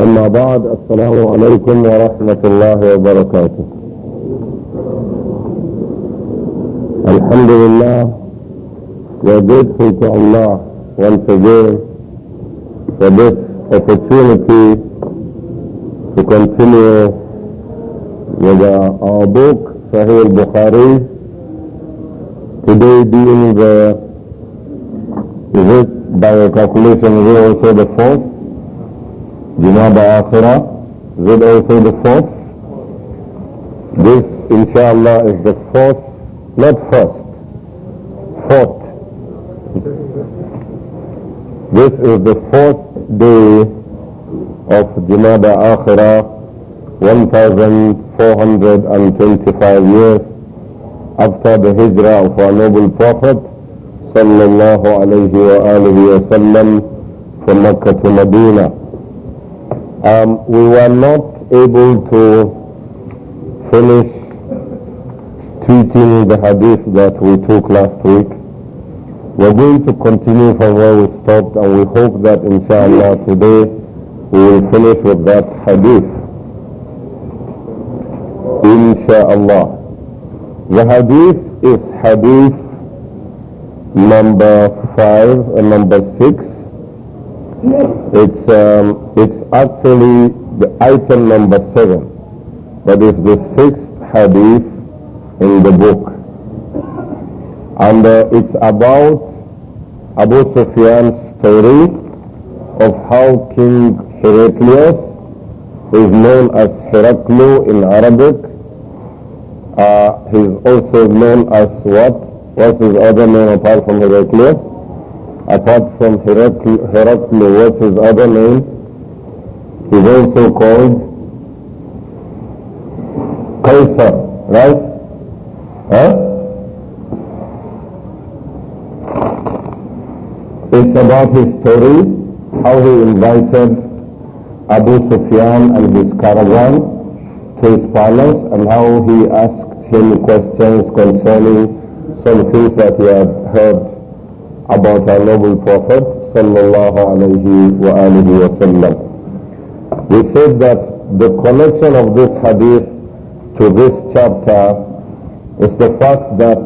أما بعد السلام عليكم ورحمة الله وبركاته الحمد لله وجد grateful الله Allah once for this opportunity to continue with our book, Sahih al-Bukhari, today being the, is it by your calculation, is also the fourth? Jumada Akhira with also the fourth. This, inshallah, is the fourth, not first, fourth. This is the fourth day of Jumada Akhira, 1425 years after the hijrah of our noble Prophet sallallahu alayhi wa alihi wa sallam from Makkah to Medina. Um, we were not able to finish treating the hadith that we took last week. We're going to continue from where we stopped and we hope that inshallah today we will finish with that hadith. Insha'Allah. The hadith is hadith number five and number six it's, um, it's actually the item number seven, but it's the sixth hadith in the book. And uh, it's about Abu Sufyan's story of how King Heraclius is known as Heraclu in Arabic. Uh, he's also known as what? What's his other name apart from Heraclius? apart from Heraclius, what's his other name? He's also called Kaisar, right? Huh? It's about his story, how he invited Abu Sufyan and his caravan to his palace and how he asked him questions concerning some things that he had heard about our noble Prophet sallallahu alaihi wasallam. We said that the connection of this hadith to this chapter is the fact that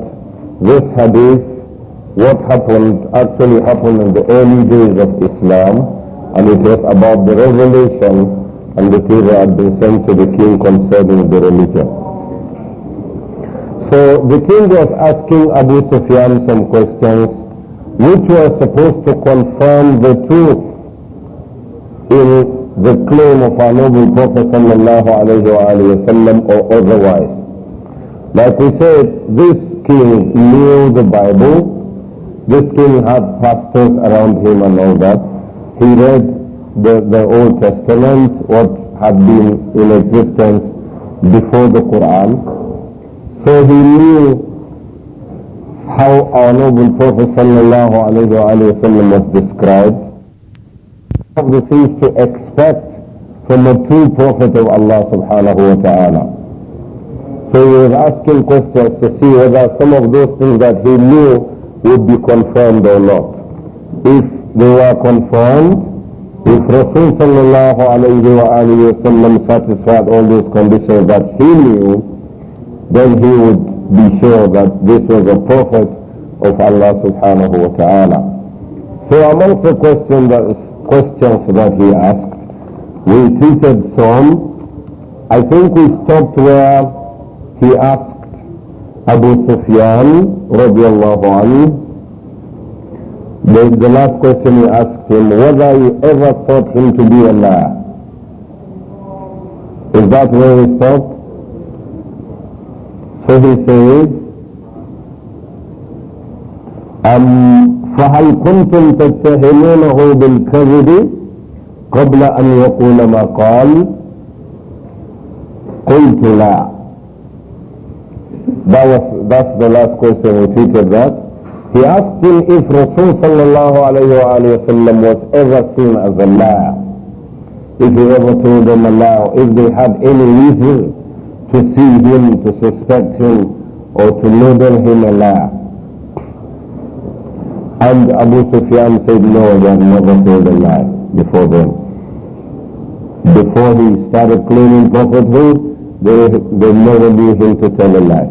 this hadith, what happened, actually happened in the early days of Islam, and it was about the revelation and the things had been sent to the king concerning the religion. So the king was asking Abu Sufyan some questions which were supposed to confirm the truth in the claim of our noble Prophet sallallahu alayhi wa sallam or otherwise. Like we said, this king knew the Bible, this king had pastors around him and all that. He read the, the Old Testament, what had been in existence before the Quran. So he knew how our noble Prophet sallallahu alayhi wasallam was described, of the things to expect from a true Prophet of Allah subhanahu wa ta'ala. So he was asking questions to see whether some of those things that he knew would be confirmed or not. If they were confirmed, if Rasul sallallahu alayhi wa alayhi wa sallam satisfied all those conditions that he knew, then he would be sure that this was a prophet of Allah subhanahu wa ta'ala. So amongst the question that, questions that he asked, we treated some. I think we stopped where he asked Abu Sufyan radiallahu anhu, the, the last question he asked him, whether he ever thought him to be a liar. Is that where we stopped? فهم سيد أم فهل كنتم تتهمونه بالكذب قبل أن يقول ما قال قلت لا That was, that's the last question we treated that. He asked him if Rasul sallallahu alayhi wa alayhi was ever seen as a liar. If he ever told them a liar, if they had any reason to see him, to suspect him, or to label him a liar. And Abu Sufyan said, no, they have never told a lie before them. Before he started claiming prophethood, they, they never knew him to tell a lie.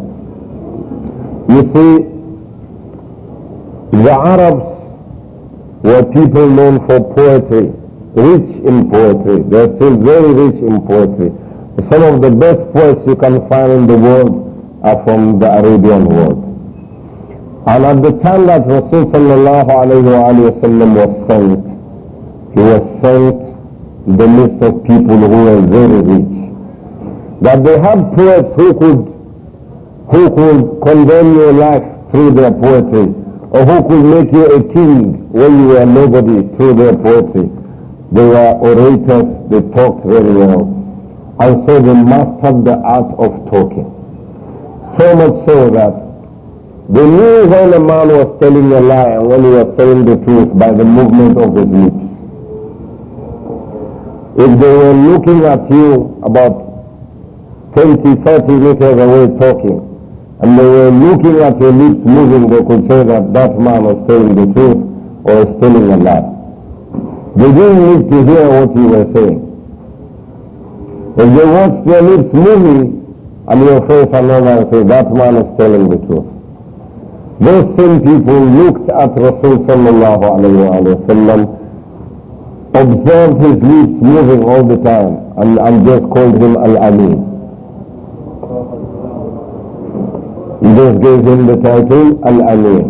You see, the Arabs were people known for poetry, rich in poetry. They're still very rich in poetry. Some of the best poets you can find in the world are from the Arabian world. And at the time that Rasul sallallahu alayhi wa sallam was sent, he was sent in the midst of people who were very rich. That they had poets who could, who could condemn your life through their poetry, or who could make you a king when you were nobody through their poetry. They were orators, they talked very well. I so they mastered the art of talking. So much so that they knew when a man was telling a lie and when he was telling the truth by the movement of his lips. If they were looking at you about 20, 30 meters away talking, and they were looking at your lips moving, they could say that that man was telling the truth or is telling a lie. They didn't need to hear what you were saying. When they watch their lips moving and your face another and say, that man is telling the truth. Those same people looked at Rasul sallallahu alayhi wa sallam, observed his lips moving all the time and, and just called him Al-Amin. He just gave him the title Al-Amin.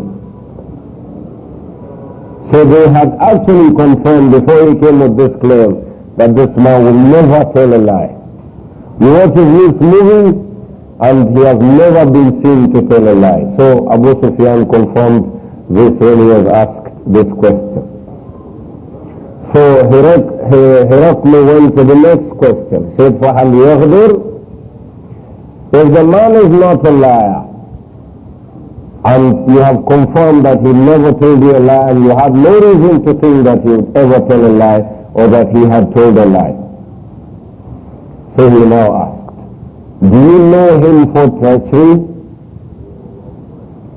So they had actually confirmed before he came with this claim that this man will never tell a lie. The earth is moving and he has never been seen to tell a lie. So Abu Sufyan confirmed this when he was asked this question. So Herakle went to the next question. Said, If the man is not a liar, and you have confirmed that he never told you a lie, and you have no reason to think that he would ever tell a lie, or that he had told a lie, so he now asked, do you know him for treachery?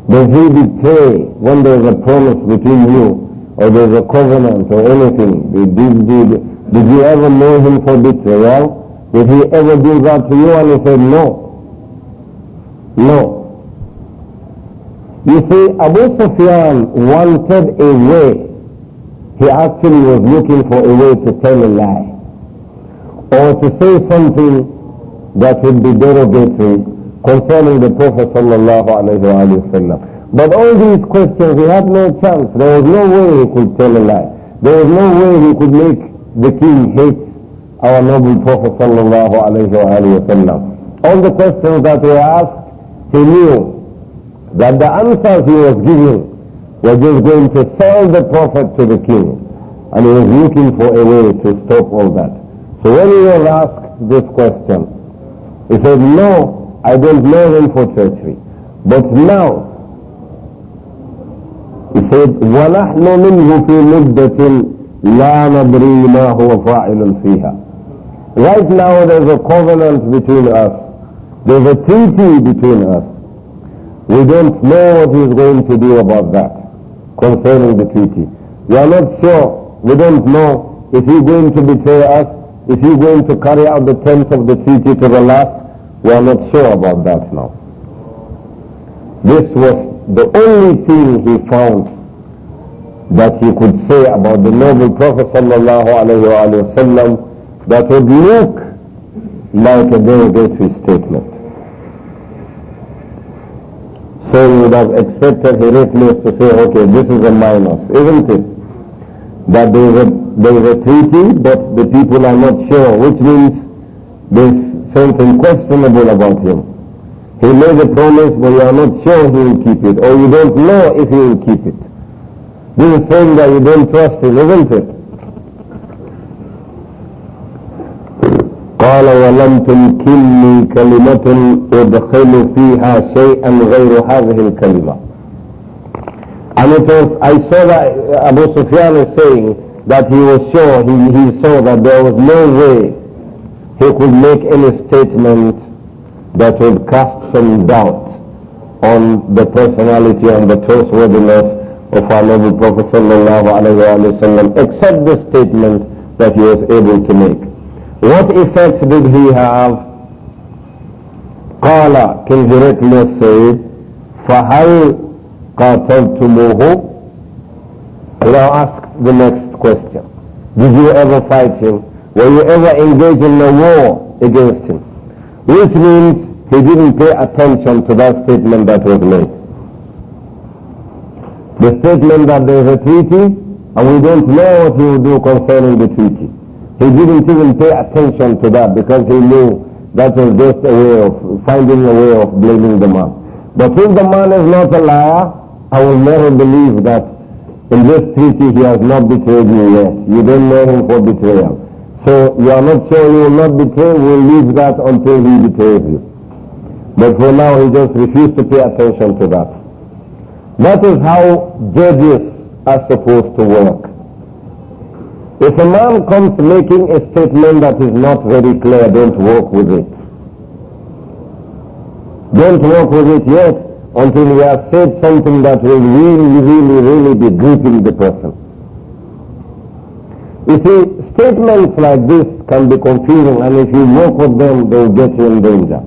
Does he betray when there's a promise between you or there's a covenant or anything? Did, did, did, did you ever know him for betrayal? Did he ever do that to you? And he said, no. No. You see, Abu Sufyan wanted a way. He actually was looking for a way to tell a lie or to say something that would be derogatory concerning the Prophet sallallahu alayhi wa sallam. But all these questions, he had no chance. There was no way he could tell a lie. There was no way he could make the king hate our noble Prophet sallallahu alayhi wa sallam. All the questions that he asked, he knew that the answers he was giving were just going to sell the Prophet to the king. And he was looking for a way to stop all that. So when he was asked this question, he said, no, I don't know him for treachery. But now, he said, وَنَحْنُ مِنْهُ فِي مُدَّةٍ لَا نَدْرِي مَا هُوَ فَاعِلٌ فِيهَا Right now there's a covenant between us. There's a treaty between us. We don't know what he's going to do about that concerning the treaty. We are not sure. We don't know. Is he going to betray us? Is he going to carry out the terms of the treaty to the last? We are not sure about that now. This was the only thing he found that he could say about the noble Prophet sallallahu that would look like a derogatory statement. So you would have expected Heraclius to say, okay, this is a minus, isn't it? that they, were they retreated, but the people are not sure, which means there's something questionable about him. He made a promise, but you are not sure he will keep it, or you don't know if he will keep it. This is saying that you don't trust him, isn't it? قال ولم تمكنني كلمة أدخل فيها شيئا غير هذه الكلمة and it was, I saw that Abu Sufyan is saying that he was sure, he, he saw that there was no way he could make any statement that would cast some doubt on the personality and the trustworthiness of our noble Prophet sallallahu alayhi wa sallam, except the statement that he was able to make. What effect did he have? قال can directly say فهل قاتلتموه will ask the next question did you ever fight him were you ever engaged in a war against him which means he didn't pay attention to that statement that was made the statement that there is a treaty and we don't know what he will do concerning the treaty he didn't even pay attention to that because he knew that was just a way of finding a way of blaming the man but if the man is not a liar I will never believe that in this treaty he has not betrayed me yet. You don't know him for betrayal. So you are not sure you will not betray, we'll leave that until he betrays you. But for now he just refused to pay attention to that. That is how judges are supposed to work. If a man comes making a statement that is not very clear, don't work with it. Don't work with it yet until he has said something that will really, really, really be gripping the person. You see, statements like this can be confusing and if you work with them, they'll get you in danger.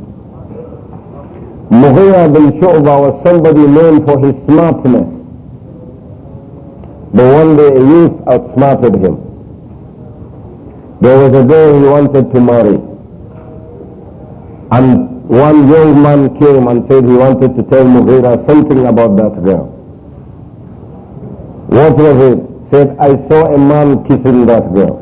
Mughira bin Shu'ba was somebody known for his smartness. But one day a youth outsmarted him. There was a girl he wanted to marry. And one young man came and said he wanted to tell Mughira something about that girl. What was it? Said, I saw a man kissing that girl.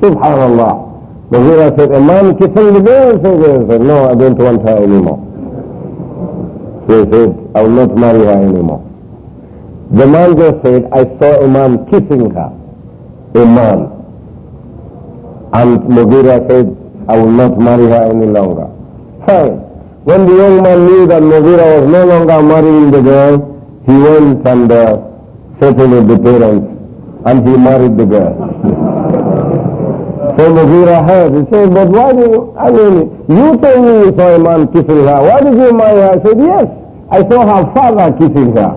Subhanallah. Mughira said, a man kissing the girl? So said, no, I don't want her anymore. So he said, I will not marry her anymore. The man just said, I saw a man kissing her. A man. And Mughira said, I will not marry her any longer. Fine. When the young man knew that Navira was no longer marrying the girl, he went and uh, settled with the parents and he married the girl. so Navira heard. He said, but why do you, I mean, you told me you saw a man kissing her. Why did you marry her? I said, yes, I saw her father kissing her.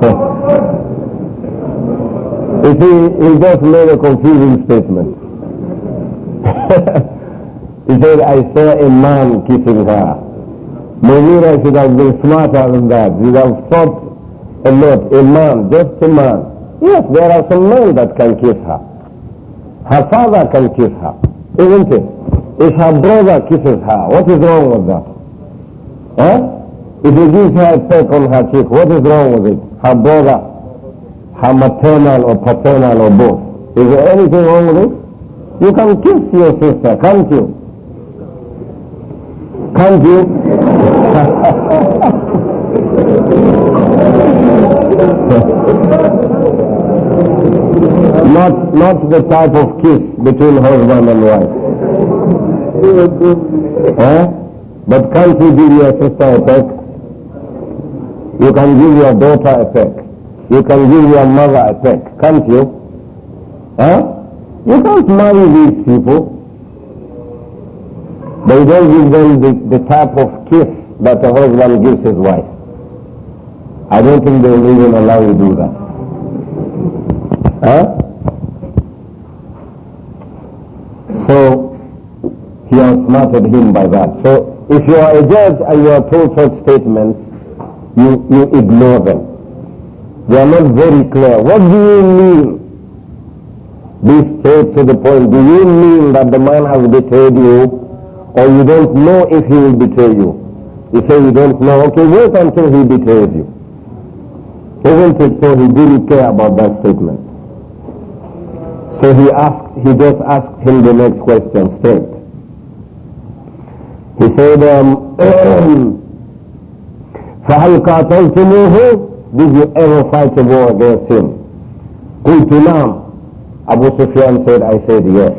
You see, he just made a confusing statement. said, I saw a man kissing her. Maybe I should have been smarter than that. You have thought a lot. A man, just a man. Yes, there are some men that can kiss her. Her father can kiss her, isn't it? If her brother kisses her, what is wrong with that? Eh? If he gives her a peck on her cheek, what is wrong with it? Her brother, her maternal or paternal or both. Is there anything wrong with it? You can kiss your sister, can't you? Thank you. not, not the type of kiss between husband and wife. huh? But can't you give your sister a peck? You can give your daughter a peck. You can give your mother a peck, can't you? Huh? You can't marry these people. They don't give them the, the type of kiss that a husband gives his wife. I don't think they will even allow you to do that. Huh? So he outsmarted him by that. So if you are a judge and you are told such statements, you, you ignore them. They are not very clear. What do you mean? Be straight to the point. Do you mean that the man has betrayed you? or you don't know if he will betray you. You say you don't know, okay, wait until he betrays you. Isn't it so he didn't care about that statement? So he asked, he just asked him the next question straight. He said, um, فَهَلْ قَاتَلْتُمُوهُ Did you ever fight a war against him? قُلْتُ نَعْمُ Abu Sufyan said, I said yes.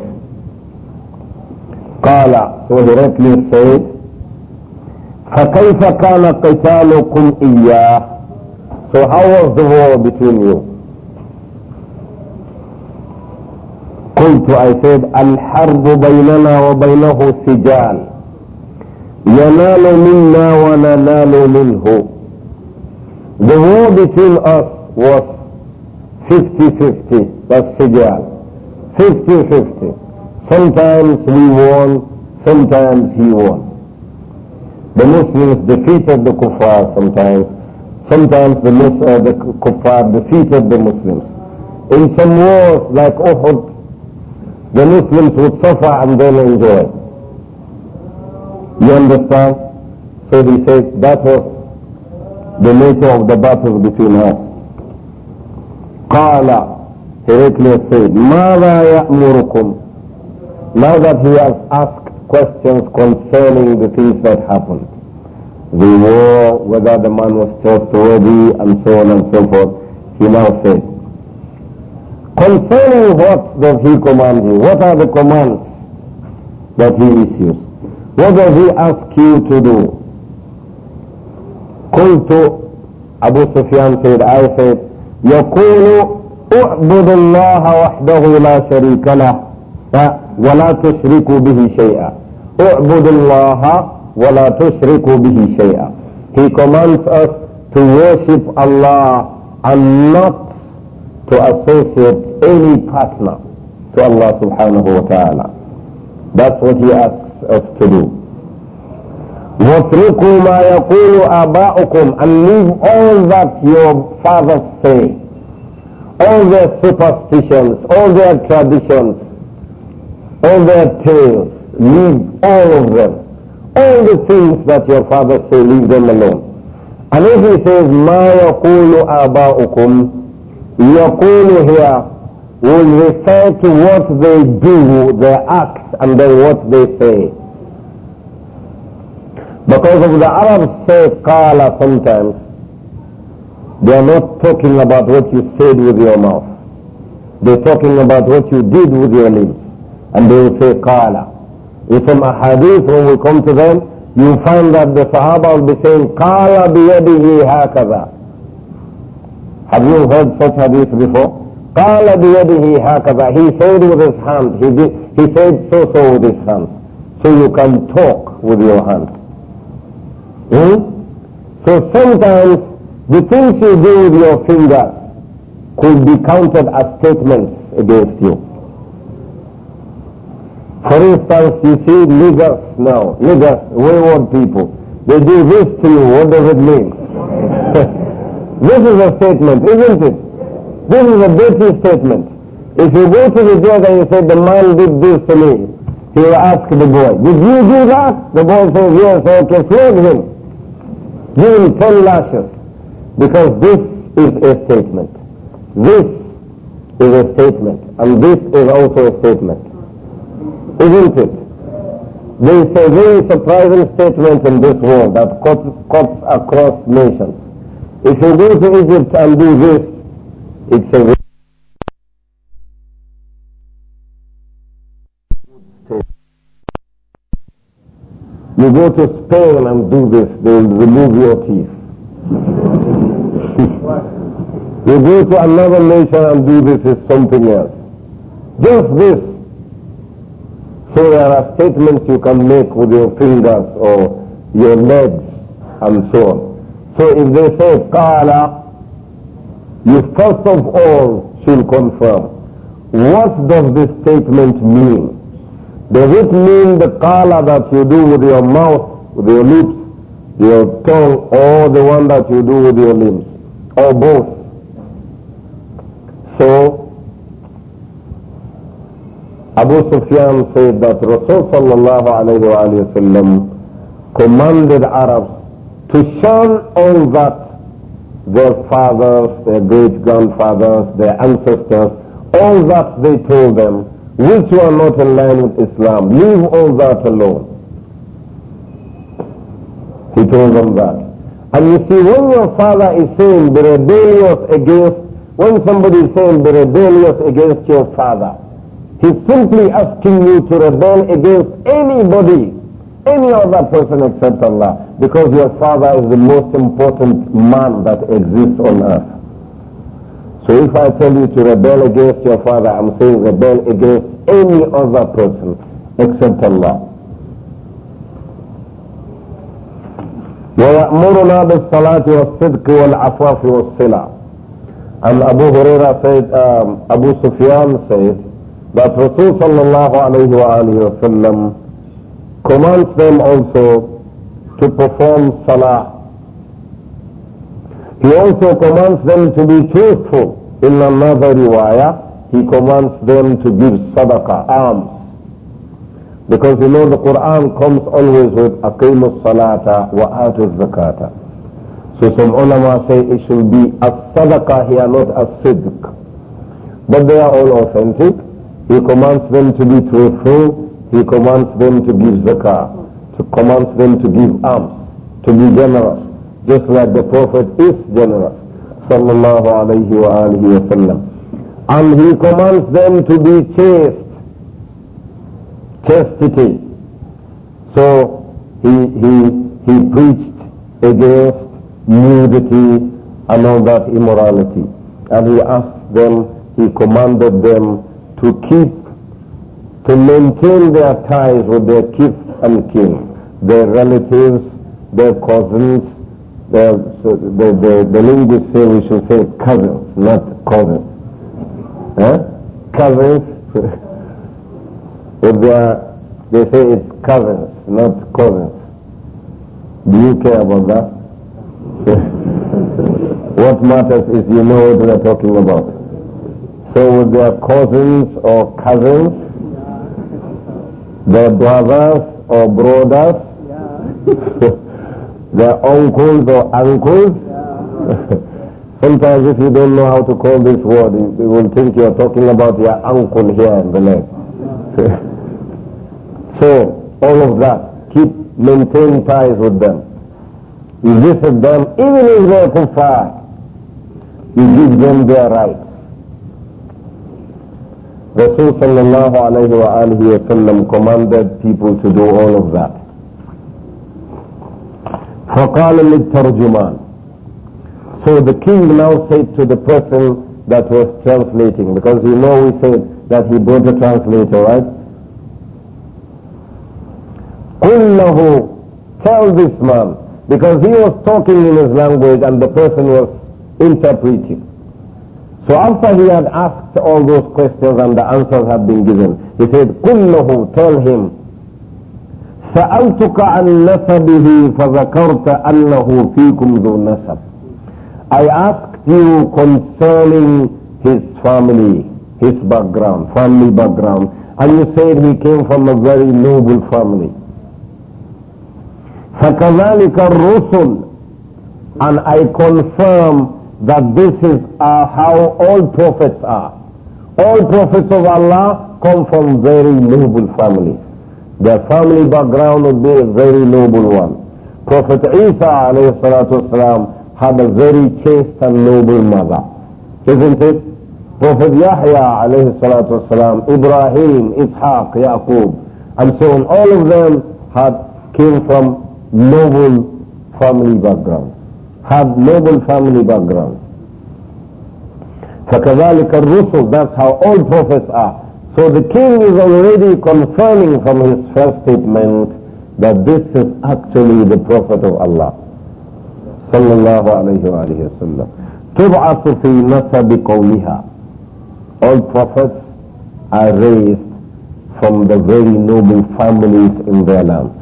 قال وذرت لي الصيد فكيف كان قتالكم إياه So how was the war between you? قلت I said الحرب بيننا وبينه سجال ينال منا وننال منه The war between us was 50-50 that's سجال 50-50 Sometimes we won, sometimes he won. The Muslims defeated the kuffar sometimes. Sometimes the, Mus- uh, the kuffar defeated the Muslims. In some wars like Uhud, the Muslims would suffer and then enjoy. You understand? So he said that was the nature of the battle between us. قال Heraclius said, ماذا يأمركم now that he has asked questions concerning the things that happened, the war, whether the man was trustworthy, and so on and so forth, he now says, concerning what does he command you? What are the commands that he issues? What does he ask you to do? قلت Abu Sufyan said I said يقول اعبد الله وحده لا شريك له ولا تشركوا به شيئا اعبدوا الله ولا تشركوا به شيئا He commands us to worship Allah and not to associate any partner to Allah subhanahu wa ta'ala. That's what he asks us to do. واتركوا ما يقول آباؤكم and leave all that your fathers say all their superstitions all their traditions all their tales, leave all of them. All the things that your fathers say, leave them alone. And if he says, مَا يَقُولُ آبَاؤُكُمْ يَقُولُ here will refer to what they do, their acts, and then what they say. Because of the Arabs say qala sometimes, they are not talking about what you said with your mouth. They're talking about what you did with your lips. And they will say qala. In a hadith when we come to them, you find that the Sahaba will be saying qala biyadihi hakada. Have you heard such hadith before? Kala biyadihi هكذا he said with his hand he, did, he said so so with his hands so you can talk with your hands hmm? so sometimes the things you do with your fingers could be counted as statements against you for instance, you see niggers now, niggers, wayward people. They do this to you, what does it mean? this is a statement, isn't it? This is a dirty statement. If you go to the judge and you say, the man did this to me, he will ask the boy, did you do that? The boy says, yes, okay, flog him. Give him ten lashes. Because this is a statement. This is a statement. And this is also a statement isn't it? There is a very surprising statement in this world that cuts, cuts across nations. If you go to Egypt and do this, it's a You go to Spain and do this, they'll remove your teeth. you go to another nation and do this is something else. Just this so there are statements you can make with your fingers or your legs and so on. So if they say kala, you first of all should confirm. What does this statement mean? Does it mean the kala that you do with your mouth, with your lips, your tongue, or the one that you do with your limbs, or both? So Abu Sufyan said that Rasulullah commanded Arabs to shun all that their fathers, their great grandfathers, their ancestors, all that they told them, which were not in line with Islam. Leave all that alone. He told them that. And you see, when your father is saying be rebellious against, when somebody is saying be rebellious against your father, He's simply asking you to rebel against anybody, any other person except Allah, because your father is the most important man that exists on earth. So if I tell you to rebel against your father, I'm saying rebel against any other person except Allah. ويأمرنا بالصلاة والصدق والعفاف والصلة. And Abu Huraira said, um, Abu Sufyan said, but Rasul sallallahu alayhi wa alayhi wasallam commands them also to perform salah. He also commands them to be truthful. In another riwayah, he commands them to give sadaqah, alms. Because you know the Quran comes always with aqimus salata wa atuz zakata. So some ulama say it should be as sadaqah here, not as sidq. But they are all authentic. He commands them to be truthful. He commands them to give zakah, to commands them to give alms, to be generous, just like the Prophet is generous, sallallahu alayhi wa wasallam. And he commands them to be chaste, chastity. So he, he, he preached against nudity and all that immorality. And he asked them, he commanded them to keep, to maintain their ties with their kith and kin, their relatives, their cousins, their, the, the, the linguists say we should say cousins, not cousins. Huh? Cousins. If they are, they say it's cousins, not cousins. Do you care about that? what matters is you know what we are talking about. So with their cousins or cousins, their brothers or brothers, their uncles or uncles. Sometimes if you don't know how to call this word, you, will think you're talking about your uncle here in the leg. so all of that, keep maintain ties with them. You visit them even if they're too far. You give them their rights. Rasul sallallahu alayhi wa alihi commanded people to do all of that. فقال للترجمان So the king now said to the person that was translating, because you know we said that he brought a translator, right? قل له Tell this man, because he was talking in his language and the person was interpreting. So after he had asked all those questions and the answers had been given, he said, كله tell him سألتك عن نسبه فذكرت أنه فيكم ذو نسب I asked you concerning his family, his background, family background, and you said he came from a very noble family. فكذلك الرسل and I confirm that this is uh, how all prophets are. All prophets of Allah come from very noble families. Their family background would be a very noble one. Prophet Isa والسلام, had a very chaste and noble mother. Isn't it? Prophet Yahya والسلام, Ibrahim, Ishaq, Yaqub, and so on. All of them had came from noble family background have noble family backgrounds. فَكَذَلِكَ الرُّسُلُ That's how all prophets are. So the king is already confirming from his first statement that this is actually the prophet of Allah. صلى الله عليه وآله وسلم. تبعث في نسب All prophets are raised from the very noble families in their lands.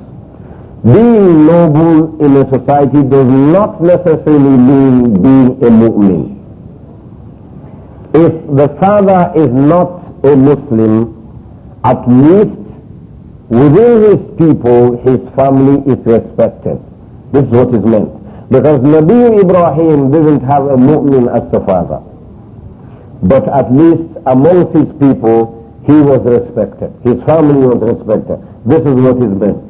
Being noble in a society does not necessarily mean being a Muslim. If the father is not a Muslim, at least within his people, his family is respected. This is what is meant. Because Nabi Ibrahim didn't have a Muslim as the father. But at least amongst his people, he was respected. His family was respected. This is what is meant.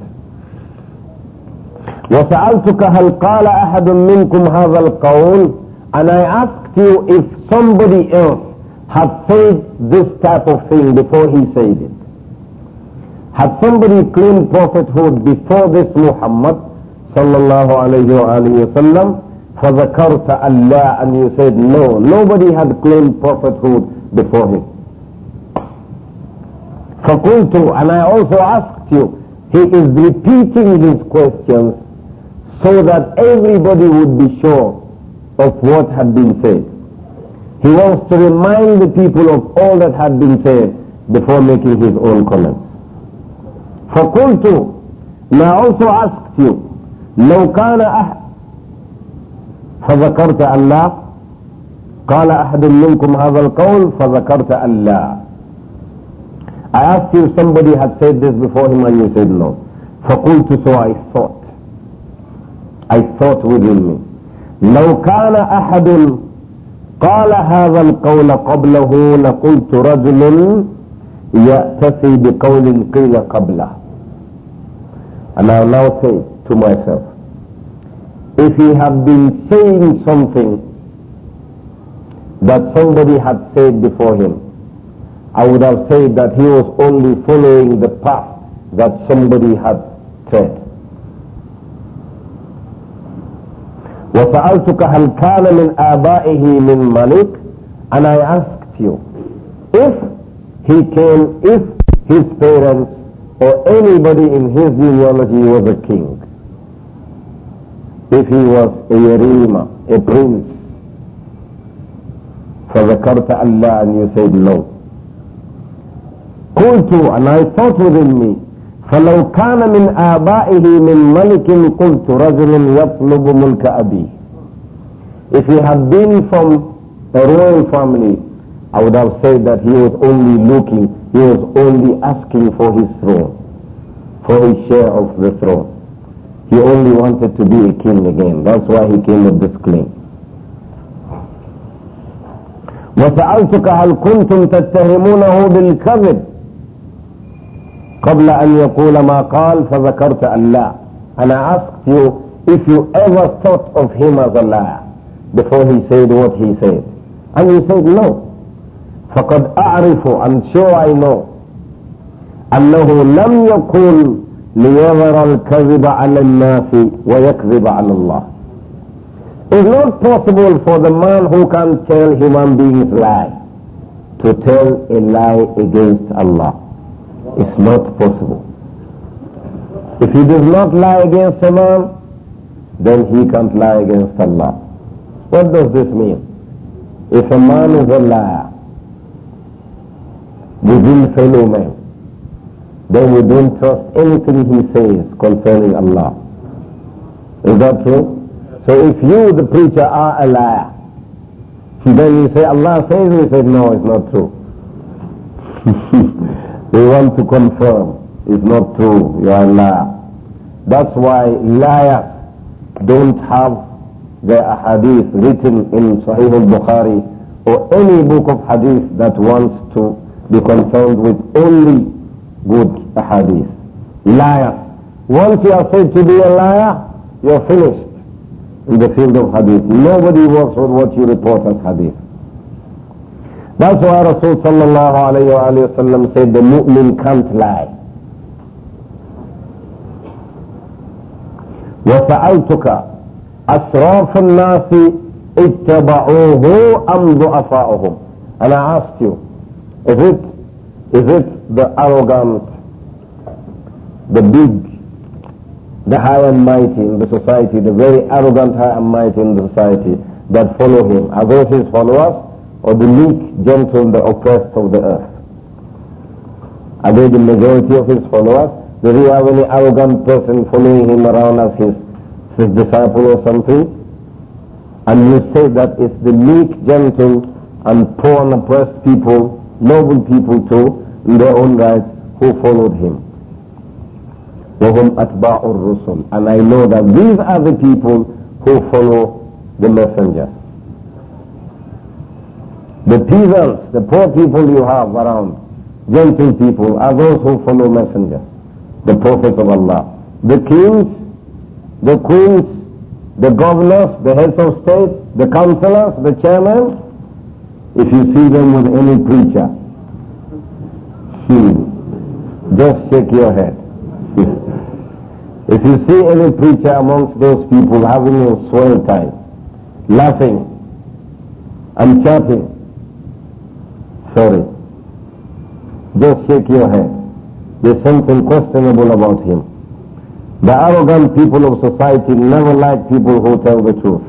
وسألتك هل قال أحد منكم هذا القول and I asked you if somebody else had said this type of thing before he said it. Had somebody claimed prophethood before this Muhammad sallallahu alayhi wa alayhi for the فَذَكَرْتَ اللَّهَ and you said no, nobody had claimed prophethood before him. فَقُلْتُ and I also asked you, he is repeating these questions so that everybody would be sure of what had been said. He wants to remind the people of all that had been said before making his own comments. فَقُلْتُ May I also asked you, لو كان أحد فذكرت أن قال أحد منكم هذا القول فذكرت أن I asked you if somebody had said this before him and you said no. فقلت so I thought. I thought within me. لو كان أحد قال هذا القول قبله لقلت رجل يأتسي بقول قيل قبله. And I now say to myself, if he had been saying something that somebody had said before him, I would have said that he was only following the path that somebody had tread. وسألتك هل كان من آبائه من ملك and I asked you if he came if his parents or anybody in his genealogy was a king if he was a Yerima, a prince فذكرت Allah and you said no قلت and I thought within me فلو كان من آبائه من ملك قلت رجل يطلب ملك أبيه If he had been from a royal family, I would have said that he was only looking, he was only asking for his throne, for his share of the throne. He only wanted to be a king again. That's why he came with this claim. وسألتك هل كنتم تتهمونه بالكذب قبل أن يقول ما قال فذكرت أن لا and asked you if you ever thought of him as a liar before he said what he said and you said no فقد أعرف I'm sure I know أنه لم يقول ليظهر الكذب على الناس ويكذب على الله It's not possible for the man who can tell human beings lie to tell a lie against Allah. It's not possible. If he does not lie against a man, then he can't lie against Allah. What does this mean? If a man is a liar within fellow men, then we don't trust anything he says concerning Allah. Is that true? So if you, the preacher, are a liar, then you say, Allah says, we say, no, it's not true. They want to confirm it's not true, you are a liar. That's why liars don't have their hadith written in Sahih al-Bukhari or any book of hadith that wants to be concerned with only good hadith. Liars. Once you are said to be a liar, you're finished in the field of hadith. Nobody works with what you report as hadith. That's why Rasulullah sallallahu alayhi wa said the mu'min can't lie. وسألتك أسراف الناس اتبعوه أم ضعفاؤهم And I asked you, is it, is it the arrogant, the big, the high and mighty in the society, the very arrogant high and mighty in the society that follow him? Are those his followers? or the meek, gentle, the oppressed of the earth. Are they the majority of his followers? Does he have any arrogant person following him around as his, his disciple or something? And you say that it's the meek, gentle, and poor and oppressed people, noble people too, in their own right, who followed him. and I know that these are the people who follow the messengers. The peasants, the poor people you have around, gentle people, are those who follow messengers, the prophets of Allah. The kings, the queens, the governors, the heads of state, the councillors, the chairmen, if you see them with any preacher, hmm, just shake your head. if you see any preacher amongst those people having a swell time, laughing and chatting, sorry. Just shake your head. There's something questionable about him. The arrogant people of society never like people who tell the truth,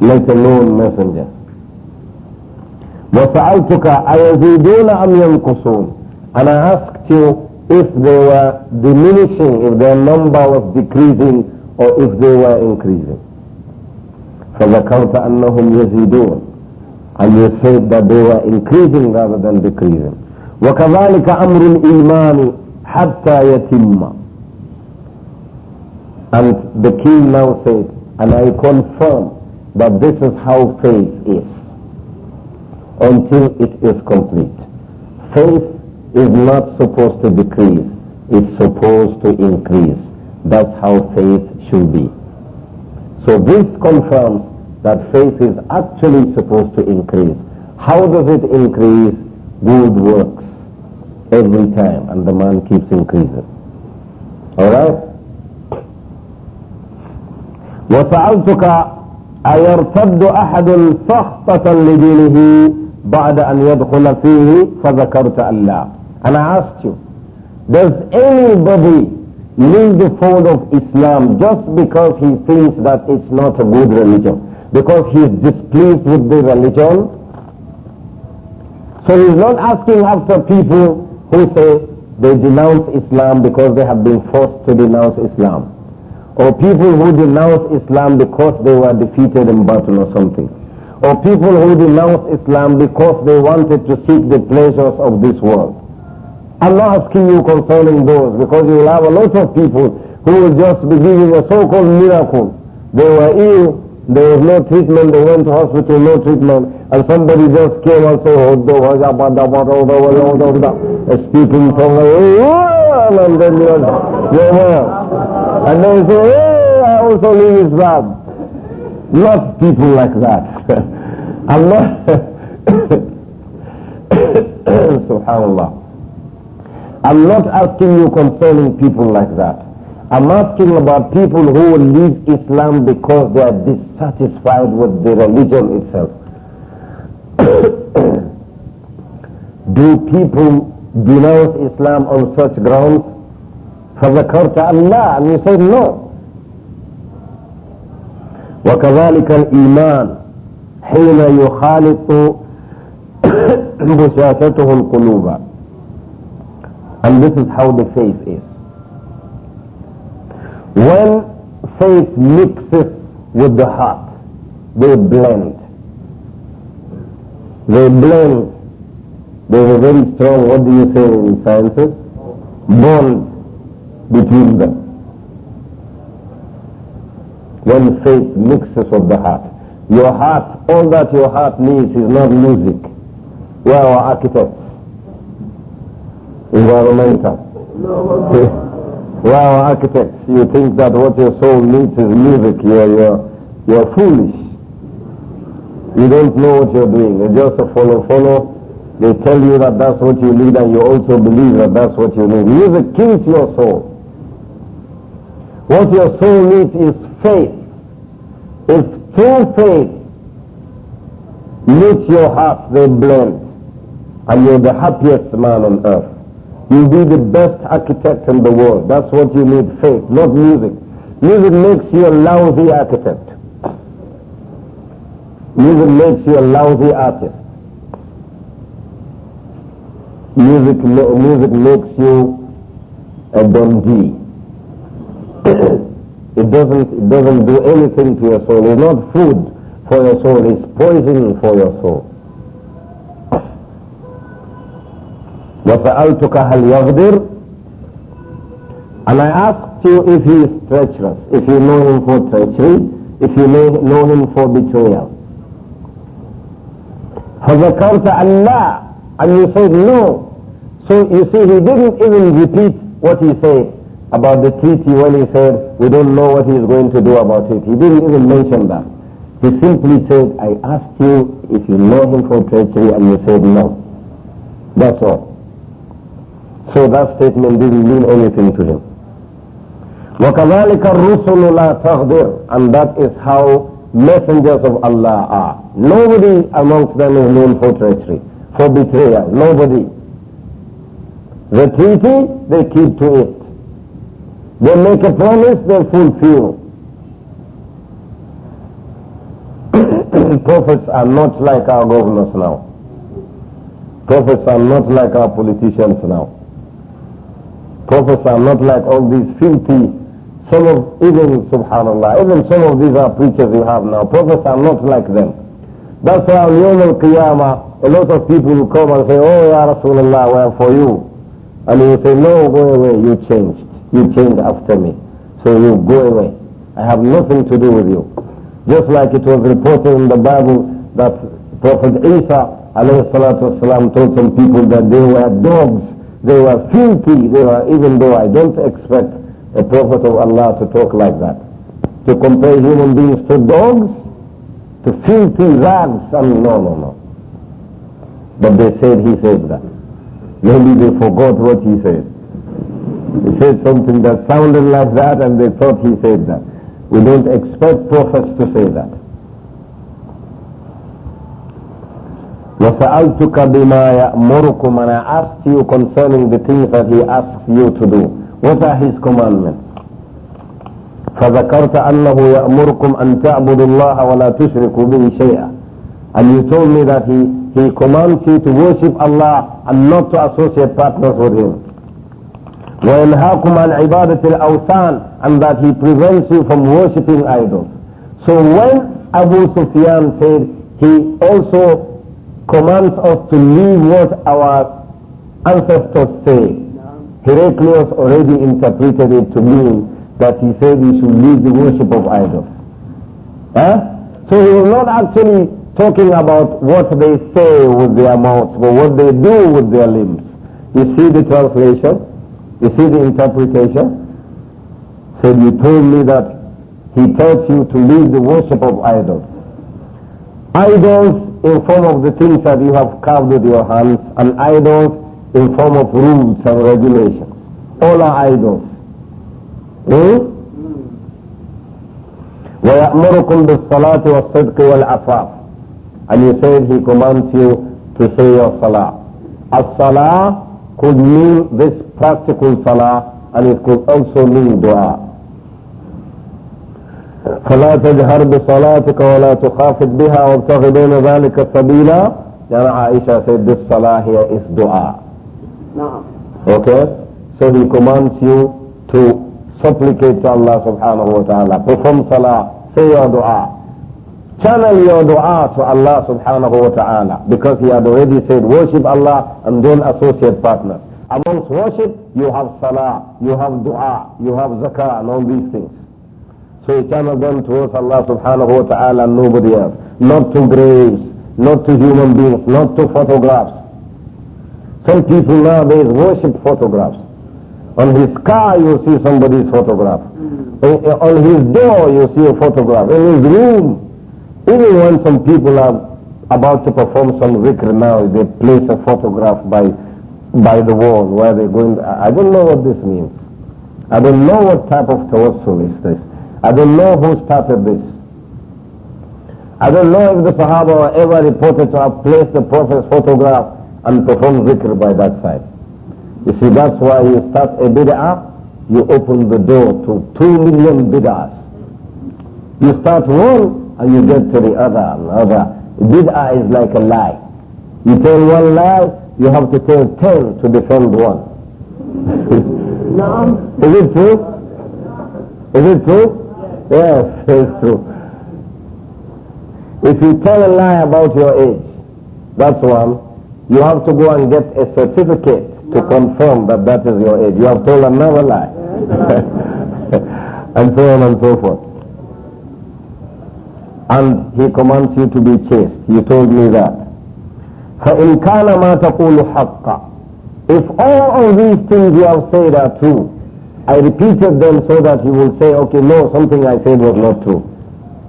let alone messengers. وسألتك أيزيدون أم ينقصون and I asked you if they were diminishing, if their number was decreasing or if they were increasing. فذكرت أنهم يزيدون and they said that they were increasing rather than decreasing. وَكَذَلِكَ أَمْرُ الْإِيمَانِ حَتَّى يَتِمَّ And the king now said, and I confirm that this is how faith is until it is complete. Faith is not supposed to decrease, it's supposed to increase. That's how faith should be. So this confirms that faith is actually supposed to increase. How does it increase? Good works every time and the man keeps increasing. Alright? وسألتك أيرتد أحد سخطة لدينه بعد أن يدخل فيه فذكرت And I asked you, does anybody leave the fold of Islam just because he thinks that it's not a good religion? because he is displeased with the religion. So he's not asking after people who say they denounce Islam because they have been forced to denounce Islam. Or people who denounce Islam because they were defeated in battle or something. Or people who denounce Islam because they wanted to seek the pleasures of this world. I'm not asking you concerning those because you will have a lot of people who will just be giving a so-called miracle. They were ill, there was no treatment. They went to hospital, no treatment. And somebody just came and said, oh, a speaking tongue, and then you're, you're well. And then say, oh, I also leave Islam. Not people like that. Allah, SubhanAllah. I'm not asking you concerning people like that. I'm asking about people who leave Islam because they are dissatisfied with the religion itself. Do people denounce Islam on such grounds? For the of Allah, and you say no. وكذلك الإيمان حين يخالط بشاشته القلوب. And this is how the faith is. When faith mixes with the heart, they blend. They blend. There's a very strong, what do you say in sciences? Bond between them. When faith mixes with the heart. Your heart, all that your heart needs is not music. We are architects. Environmental. No, no, no. Well, architects, you think that what your soul needs is music. You're, you're, you're foolish. You don't know what you're doing. You're just a follow, follow. They tell you that that's what you need and you also believe that that's what you need. Music kills your soul. What your soul needs is faith. If true faith meets your heart, they blend. And you're the happiest man on earth. You'll be the best architect in the world. That's what you need, faith, not music. Music makes you a lousy architect. Music makes you a lousy artist. Music, music makes you a donkey. it doesn't, it doesn't do anything to your soul. It's not food for your soul. It's poison for your soul. وَسَأَلْتُكَ هَلْ يَغْدِرُ And I asked you if he is treacherous, if you know him for treachery, if you know him for betrayal. فَذَكَرْتَ أَلَّا And you said no. So you see, he didn't even repeat what he said about the treaty when he said, we don't know what he is going to do about it. He didn't even mention that. He simply said, I asked you if you know him for treachery and you said no. That's all. So that statement didn't mean anything to him. وَكَذَلِكَ الرُّسُلُ لَا تَغْدِرُ And that is how messengers of Allah are. Nobody amongst them is known for treachery, for betrayal. Nobody. The treaty, they keep to it. They make a promise, they fulfill. Prophets are not like our governors now. Prophets are not like our politicians now. Prophets are not like all these filthy, some of, even, subhanAllah, even some of these are preachers you have now. Prophets are not like them. That's why on Yom al-Qiyamah, a lot of people will come and say, oh, Ya Rasulullah, we are for you. And you say, no, go away, you changed. You changed after me. So you go away. I have nothing to do with you. Just like it was reported in the Bible that Prophet Isa, alayhi salatu wasalam, told some people that they were dogs they were filthy, they were, even though I don't expect a prophet of Allah to talk like that. To compare human beings to dogs, to filthy rags, and no, no, no. But they said he said that. Maybe they forgot what he said. He said something that sounded like that and they thought he said that. We don't expect prophets to say that. وَسَأَلْتُكَ بِمَا يَأْمُرُكُمْ And I asked you concerning the things that he asks you to do. What are his commandments? فذكرت أنه يأمركم أن تعبدوا الله ولا تشركوا به شيئا And you told me that he, he commands you to worship Allah and not to associate partners with him. وينهاكم عن عبادة الأوثان and that he prevents you from worshipping idols. So when Abu Sufyan said he also commands us to leave what our ancestors say. Heraclius already interpreted it to mean that he said we should leave the worship of idols. Huh? So he was not actually talking about what they say with their mouths, but what they do with their limbs. You see the translation? You see the interpretation? Said, you told me that he tells you to leave the worship of idols. Idols in form of the things that you have carved with your hands, and idols in form of rules and regulations. All are idols. Hmm? ويأمركم and he said he commands you to say your salah. As-salah could mean this practical salah and it could also mean dua. فلا تجهر بصلاتك ولا تخافت بها وابتغ بين ذلك سبيلا يعني Aisha said this salah here is dua نعم okay so he commands you to supplicate to Allah subhanahu wa ta'ala perform salah say your dua channel your dua to Allah subhanahu wa ta'ala because he had already said worship Allah and then associate partners amongst worship you have salah you have dua you have zakah and all these things So he channeled them towards Allah subhanahu wa ta'ala and nobody else. Not to graves, not to human beings, not to photographs. Some people nowadays worship photographs. On his car you see somebody's photograph. Hmm. Eh, eh, on his door you see a photograph. In his room. Even when some people are about to perform some zikr now, they place a photograph by by the wall where they're going. I don't know what this means. I don't know what type of tawassul is this. I don't know who started this. I don't know if the Sahaba were ever reported to have placed the Prophet's photograph and performed zikr by that side. You see, that's why you start a bid'ah, you open the door to two million bid'ahs. You start one and you get to the other and other. Bid'ah is like a lie. You tell one lie, you have to tell ten to defend one. Is it true? Is it true? Yes, it's true. If you tell a lie about your age, that's one. You have to go and get a certificate to confirm that that is your age. You have told another lie. and so on and so forth. And he commands you to be chaste. You told me that. فَإِنْ كَانَ مَا تَقُولُ حَقًّا If all of these things you have said are true, I repeated them so that you will say, okay, no, something I said was not true.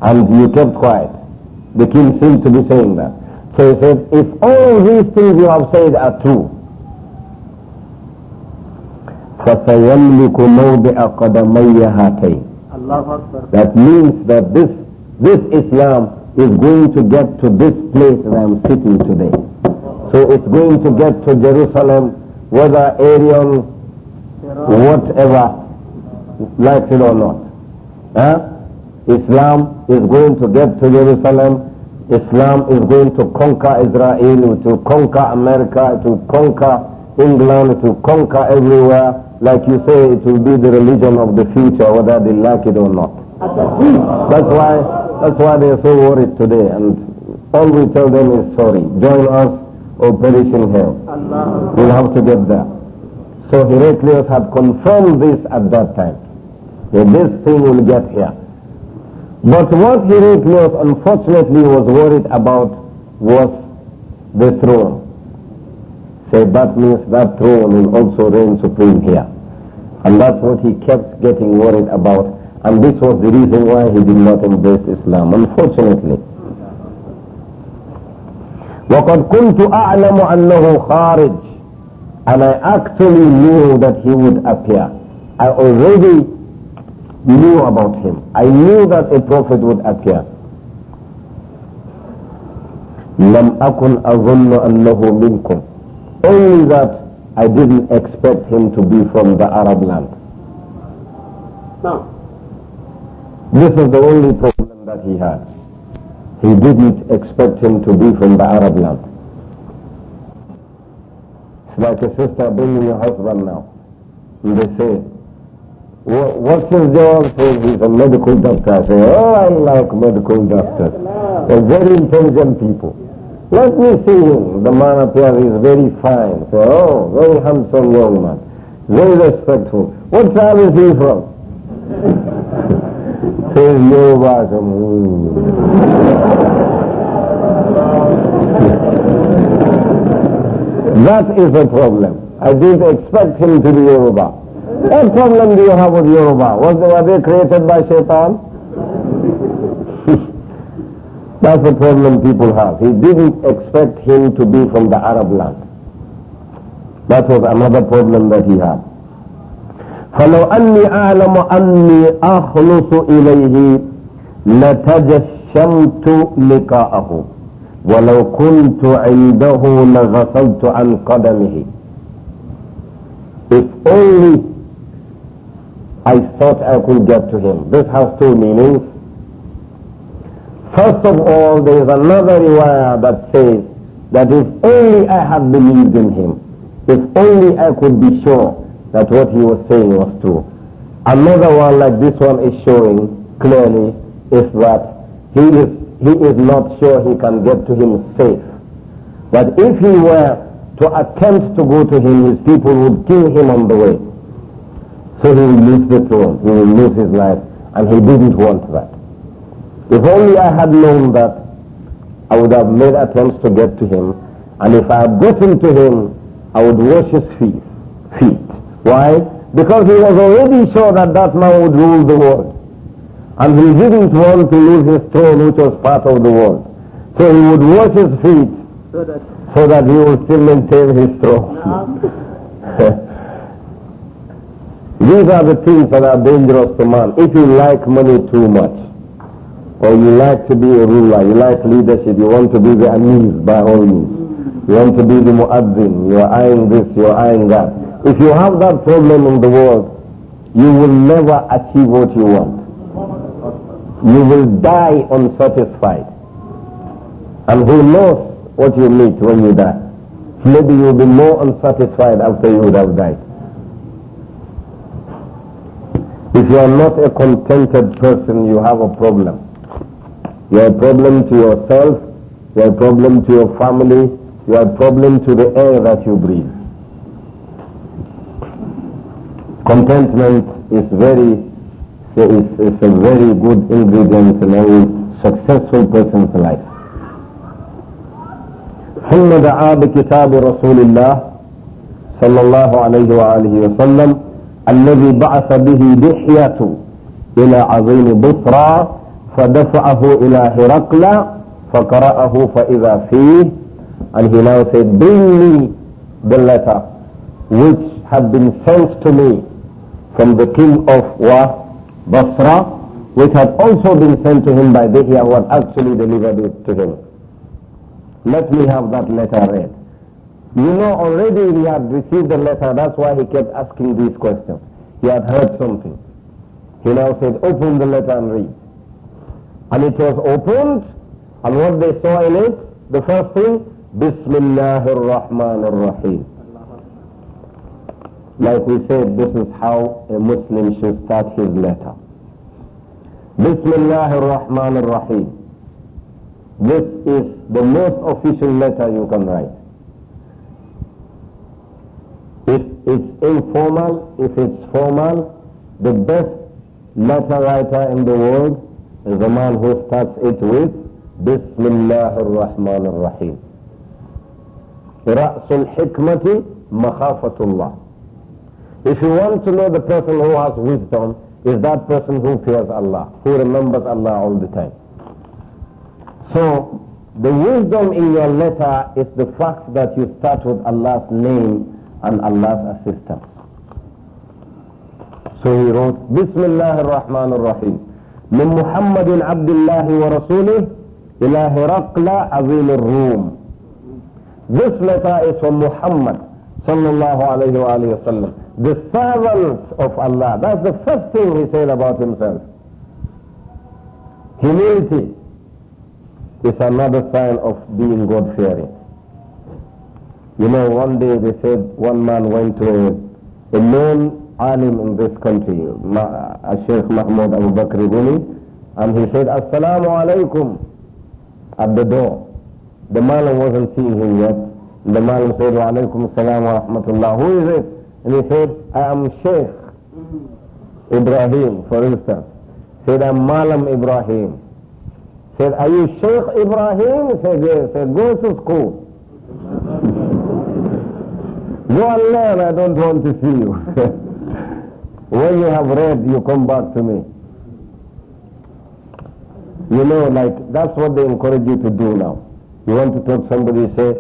And you kept quiet. The king seemed to be saying that. So he said, if all these things you have said are true, فَسَيَمْلِكُ مَوْضِعَ قَدَمَيَّ هَاتَيْنِ That means that this, this Islam is going to get to this place that I'm sitting today. So it's going to get to Jerusalem, whether Arian, whatever, like it or not. Islam is going to get to Jerusalem. Islam is going to conquer Israel, to conquer America, to conquer England, to conquer everywhere. Like you say, it will be the religion of the future, whether they like it or not. That's why, that's why they are so worried today. And all we tell them is sorry. Join us or perish in hell. We'll have to get there. So Heraclius had confirmed this at that time, that this thing will get here. But what Heraclius unfortunately was worried about was the throne. Say that means that throne will also reign supreme here. And that's what he kept getting worried about. And this was the reason why he did not embrace Islam, unfortunately. وقد كنت أعلم أنه خارج and I actually knew that he would appear. I already knew about him. I knew that a prophet would appear. لم أكن أظن أنه منكم only that I didn't expect him to be from the Arab land no this is the only problem that he had he didn't expect him to be from the Arab land like a sister bringing a husband now. And they say, what's his job? Says he's a medical doctor. I say, oh, I like medical doctors. They're very intelligent people. Let me see him. The man appears, he's very fine. Say, oh, very handsome young man. Very respectful. What tribe is he from? says, "New York." That is the problem. I didn't expect him to be Yoruba. What problem do you have with Yoruba? Was they, were they created by shaitan? That's the problem people have. He didn't expect him to be from the Arab land. That was another problem that he had. فلو أني أعلم أني أخلص إليه لتجشمت لقاءه ولو كنت عنده عن قدمه if only I thought I could get to him this has two meanings first of all there is another riwayah that says that if only I had believed in him if only I could be sure that what he was saying was true another one like this one is showing clearly is that he is he is not sure he can get to him safe. But if he were to attempt to go to him, his people would kill him on the way. So he will lose the throne, he will lose his life, and he didn't want that. If only I had known that, I would have made attempts to get to him, and if I had gotten to him, I would wash his feet. feet. Why? Because he was already sure that that man would rule the world. And he didn't want to lose his throne, which was part of the world. So he would wash his feet so that, he would still maintain his throne. These are the things that are dangerous to man. If you like money too much, or you like to be a ruler, you like leadership, you want to be the Amir by all means. You want to be the Muaddin, you are eyeing this, you are eyeing that. If you have that problem in the world, you will never achieve what you want you will die unsatisfied. And who knows what you meet when you die? Maybe you'll be more unsatisfied after you would have died. If you are not a contented person, you have a problem. You are a problem to yourself, you are a problem to your family, you are a problem to the air that you breathe. Contentment is very so it's, it's a very good ingredient in any successful person's life. ثم دعا بكتاب رسول الله صلى الله عليه وآله وسلم الذي بعث به دحية إلى عظيم بصرى فدفعه إلى هرقل فقرأه فإذا فيه and he now said bring me the letter which had been sent to me from the king of what Basra, which had also been sent to him by Bihya, who had actually delivered it to him. Let me have that letter read. You know, already he had received the letter, that's why he kept asking these questions. He had heard something. He now said, open the letter and read. And it was opened, and what they saw in it, the first thing, Bismillahir Rahmanir Rahim like we said, this is how a Muslim should start his letter. Bismillah ar-Rahman ar-Rahim. This is the most official letter you can write. If it's informal, if it's formal, the best letter writer in the world is the man who starts it with Bismillah ar-Rahman ar-Rahim. رأس الحكمة مخافة الله if you want to know the person who has wisdom, is that person who fears Allah, who remembers Allah all the time. So the wisdom in your letter is the fact that you start with Allah's name and Allah's assistance. So he wrote, Bismillah ar-Rahman ar-Rahim. من محمد عبد الله ورسوله إلى هرقل عظيم الروم. This letter is from Muhammad صلى الله عليه وآله وسلم the servant of Allah. That's the first thing he said about himself. Humility is another sign of being God-fearing. You know, one day they said one man went to a, a known alim in this country, Ma, Sheikh Mahmoud Abu Bakr Guni, and he said, Assalamu alaikum, at the door. The man wasn't seeing him yet. The man said, Wa alaikum salam wa rahmatullah. Who is it? And he said, I am Sheikh Ibrahim, for instance. Said, I'm Malam Ibrahim. Said, are you Sheikh Ibrahim? Said, yes. Said, go to school. go and learn, I don't want to see you. when you have read, you come back to me. You know, like, that's what they encourage you to do now. You want to talk to somebody, say,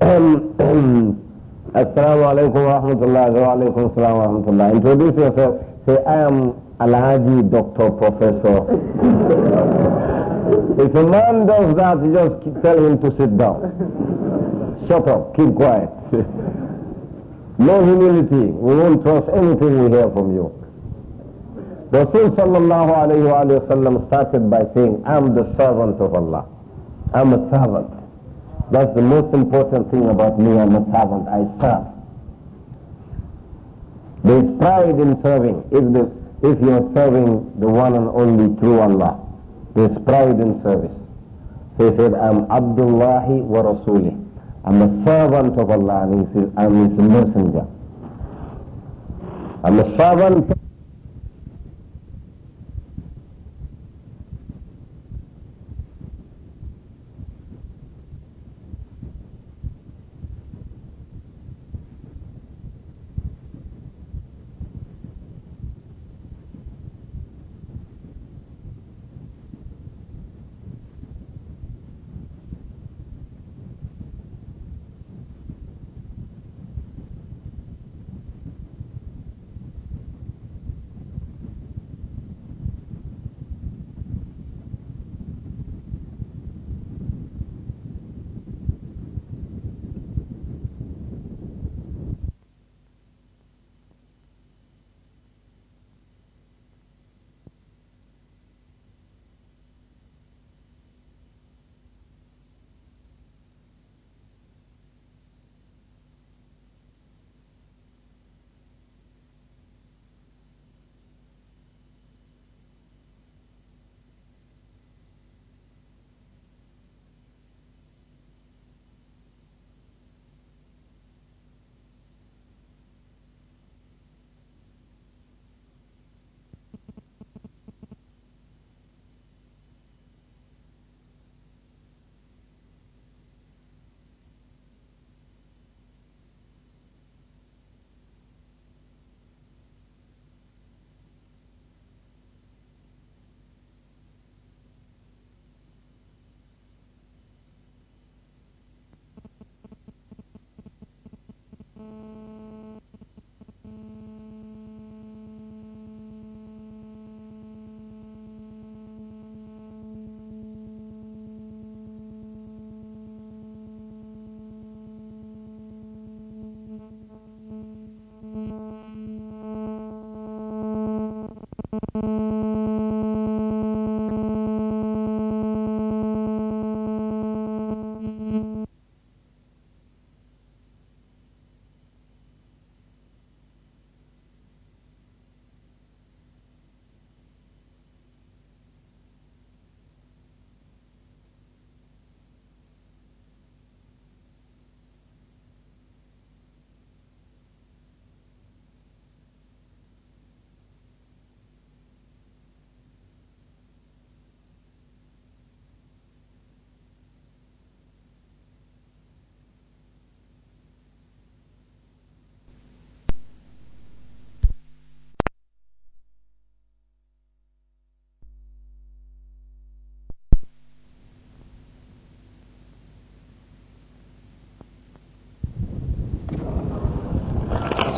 um, Assalamu alaikum wa wa alaikum wa Introduce yourself. Say, I am Alhaji Doctor Professor. if a man does that, you just tell him to sit down. Shut up, keep quiet. no humility. We won't trust anything we hear from you. Rasul sallallahu alayhi wa, alayhi wa sallam started by saying, I'm the servant of Allah. I'm a servant. That's the most important thing about me. I'm a servant. I serve. There's pride in serving. If, the, if you're serving the one and only true Allah, there's pride in service. So he said, I'm Abdullahi wa Rasuli. I'm a servant of Allah. And he says, I'm his messenger. I'm a servant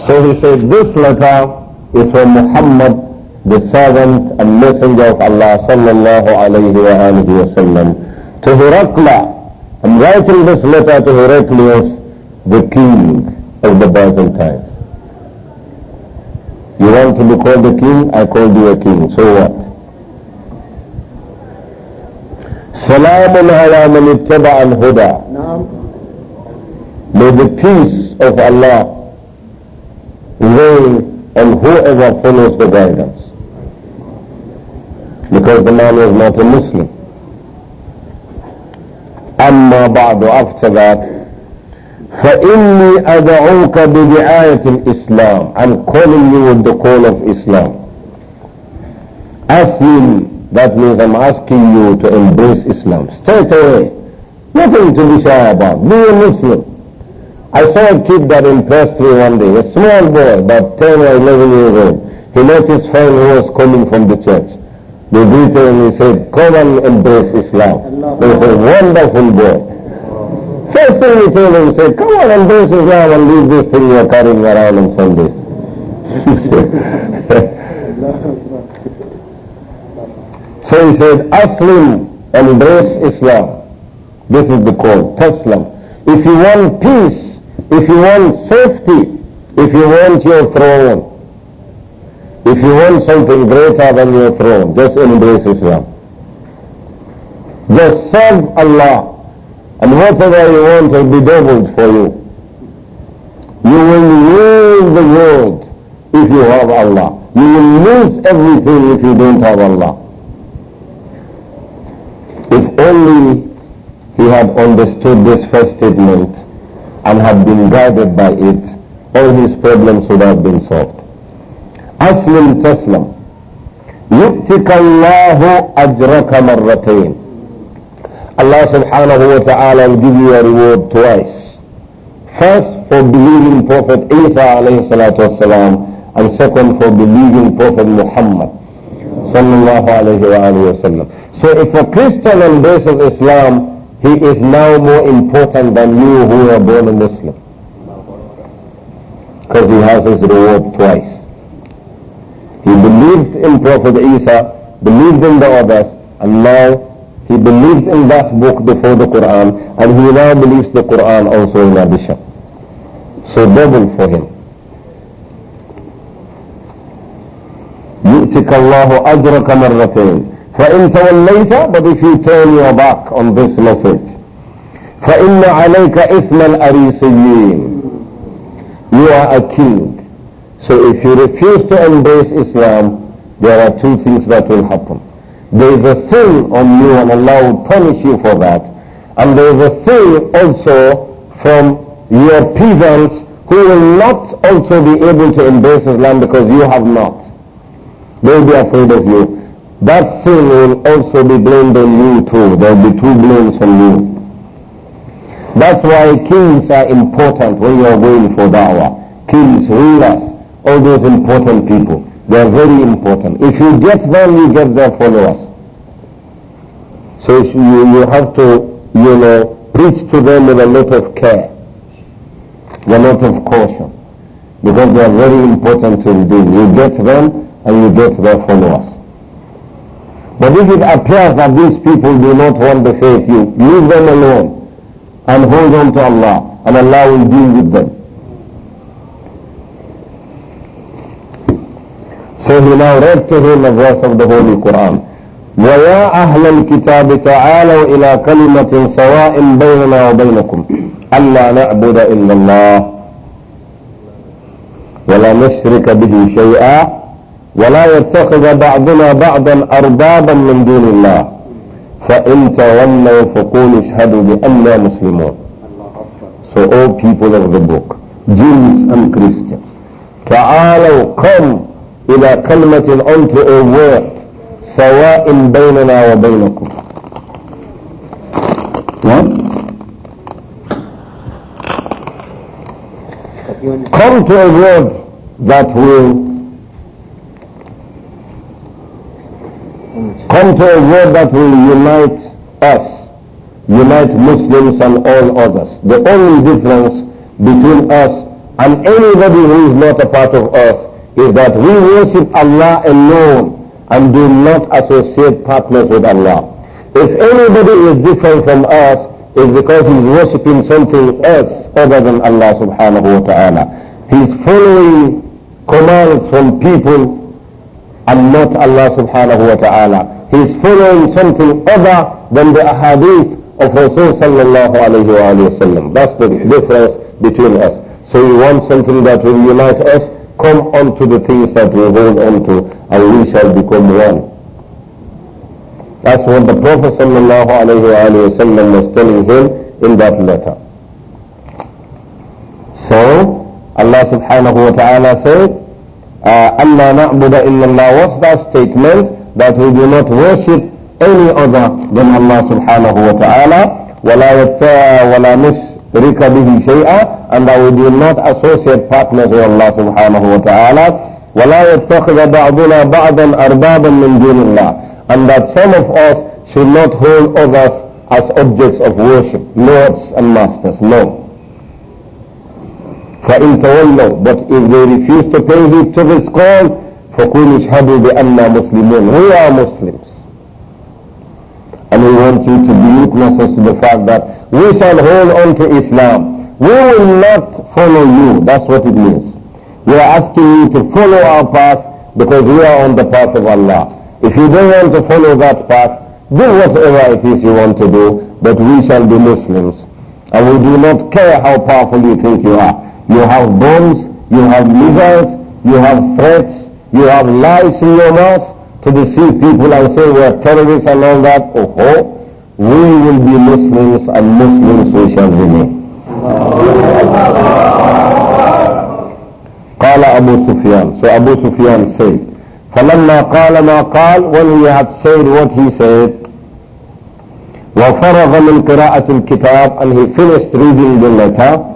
So he said, this letter is from Muhammad, the servant and messenger of Allah sallallahu alayhi wa alihi wa sallam, to Heracla. I'm writing this letter to Heraclius, the king of the Byzantines. You want to be called a king? I called you a king. So what? ala على من al الهدى. May the peace of Allah they and whoever follows the guidance. Because the man was not a Muslim. أما بعد after that فإني أدعوك بدعاية الإسلام I'm calling you with the call of Islam أسلم that means I'm asking you to embrace Islam straight away nothing to be shy about be a Muslim I saw a kid that impressed me one day, a small boy, about 10 or 11 years old. He met his friend who was coming from the church. They greeted him and he said, come and embrace Islam. He was a wonderful boy. First thing he told him, he said, come on, embrace Islam and leave this thing you're carrying around on Sundays. so he said, Aslim, embrace Islam. This is the call, Taslam. If you want peace, if you want safety, if you want your throne, if you want something greater than your throne, just embrace Islam. Just serve Allah and whatever you want will be doubled for you. You will lose the world if you have Allah. You will lose everything if you don't have Allah. If only he had understood this first statement and had been guided by it, all his problems would have been solved. أسلم تسلم يؤتك الله أجرك مرتين Allah subhanahu wa ta'ala will give you a reward twice. First, for believing Prophet Isa alayhi salatu wasalam, and second, for believing Prophet Muhammad sallallahu alayhi wa So if a Christian embraces Islam, he is now more important than you who are born a Muslim. Because he has his reward twice. He believed in Prophet Isa, believed in the others, and now he believed in that book before the Quran, and he now believes the Quran also in addition. So double for him. يؤتك الله أجرك مرتين فإن توليت but if you turn your back on this message فإن عليك إثم الأريسيين you are a king. so if you refuse to embrace Islam there are two things that will happen there is a sin on you and Allah will punish you for that and there is a sin also from your peasants who will not also be able to embrace Islam because you have not they will be afraid of you that sin will also be blamed on you too. There will be two blames on you. That's why kings are important when you are going for da'wah. Kings, rulers, all those important people. They are very important. If you get them, you get their followers. So you, you have to, you know, preach to them with a lot of care, with a lot of caution, because they are very important to the deen. You get them and you get their followers. But if it appears that these people do not want the faith, you leave them alone and hold on to Allah and Allah will deal with them. So he now read to him a verse of the Holy Quran. ويا أهل الكتاب تعالوا إلى كلمة سواء بيننا وبينكم ألا نعبد إلا الله ولا نشرك به شيئا ولا يتخذ بعضنا بعضا أربابا من دون الله فإن تولوا فقولوا اشهدوا بأننا مسلمون So all people of the book, Jews and Christians, تعالوا قم إلى كلمة أنت أو word سواء بيننا وبينكم. Come to a word that will come to a word that will unite us, unite Muslims and all others. The only difference between us and anybody who is not a part of us is that we worship Allah alone and do not associate partners with Allah. If anybody is different from us, it's because he's worshipping something else other than Allah subhanahu wa ta'ala. He's following commands from people and not Allah subhanahu wa ta'ala he's is following something other than the ahadith of Rasulullah sallallahu alayhi wa, sallam. That's the difference between us. So we want something that will unite us, come on to the things that we hold on to, and we shall become one. That's what the Prophet sallallahu alayhi wa, sallam was telling him in that letter. So, Allah subhanahu wa ta'ala said, أَلَّا نَعْبُدَ إِلَّا اللَّهُ What's that statement that we do not worship any other than Allah subhanahu wa ta'ala ولا ولا نشرك به شيئا and that we do not associate partners with Allah subhanahu wa ta'ala ولا يتخذ بعضنا بعضا أربابا من دون الله and that some of us should not hold others as objects of worship lords and masters no فإن تولوا but if they refuse to pay heed to this call فقل اشهدوا بأننا مسلمون we are Muslims and we want you to be witnesses to the fact that we shall hold on to Islam we will not follow you that's what it means we are asking you to follow our path because we are on the path of Allah if you don't want to follow that path do whatever it is you want to do but we shall be Muslims and we do not care how powerful you think you are you have bombs you have missiles you have threats You have lies in your mouth to deceive people and say we are terrorists and all that. Oh, oh we will be Muslims and Muslims we shall remain. قال أبو سفيان so Abu Sufyan said فلما قال ما قال when he had said what he said وفرغ من قراءة الكتاب and he finished reading the letter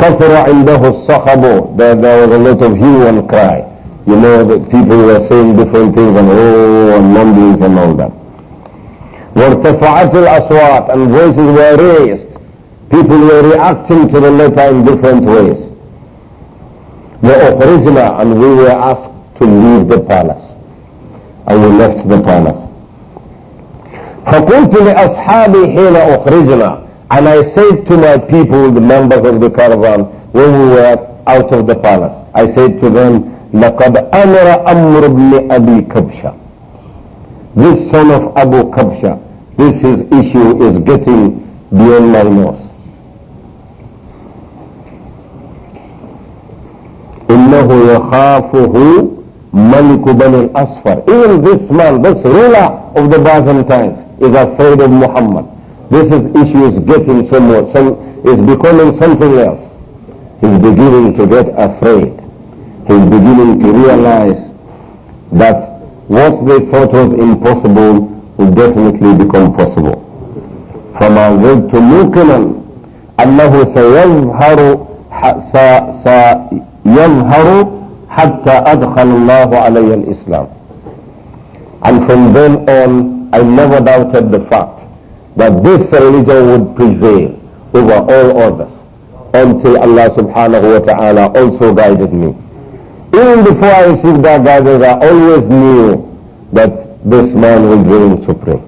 كثر عنده الصخب there, there was a lot of hue and cry. You know that people were saying different things and oh and mumblings and all that. وارتفعت الأصوات and voices were raised. People were reacting to the letter in different ways. وأخرجنا and we were asked to leave the palace. And we left the palace. فقلت لأصحابي حين أخرجنا and I said to my people, the members of the caravan, when we were out of the palace, I said to them, لَقَدْ أَمَرَ أَمْرُ بْنِ أَبِي كَبْشَةٍ This son of Abu Kabsha, this his issue is getting beyond my nose. إِنَّهُ يَخَافُهُ Malik ibn asfar Even this man, this ruler of the Byzantines, is afraid of Muhammad this is issue is getting somewhat, some, is becoming something else. He's beginning to get afraid. He's beginning to realize that what they thought was impossible will definitely become possible. فما زلت موقنا أنه سيظهر سيظهر حتى أدخل الله علي الإسلام. And from then on, I never doubted the fact that this religion would prevail over all others until Allah subhanahu wa ta'ala also guided me. Even before I received that guidance, I always knew that this man will reign supreme,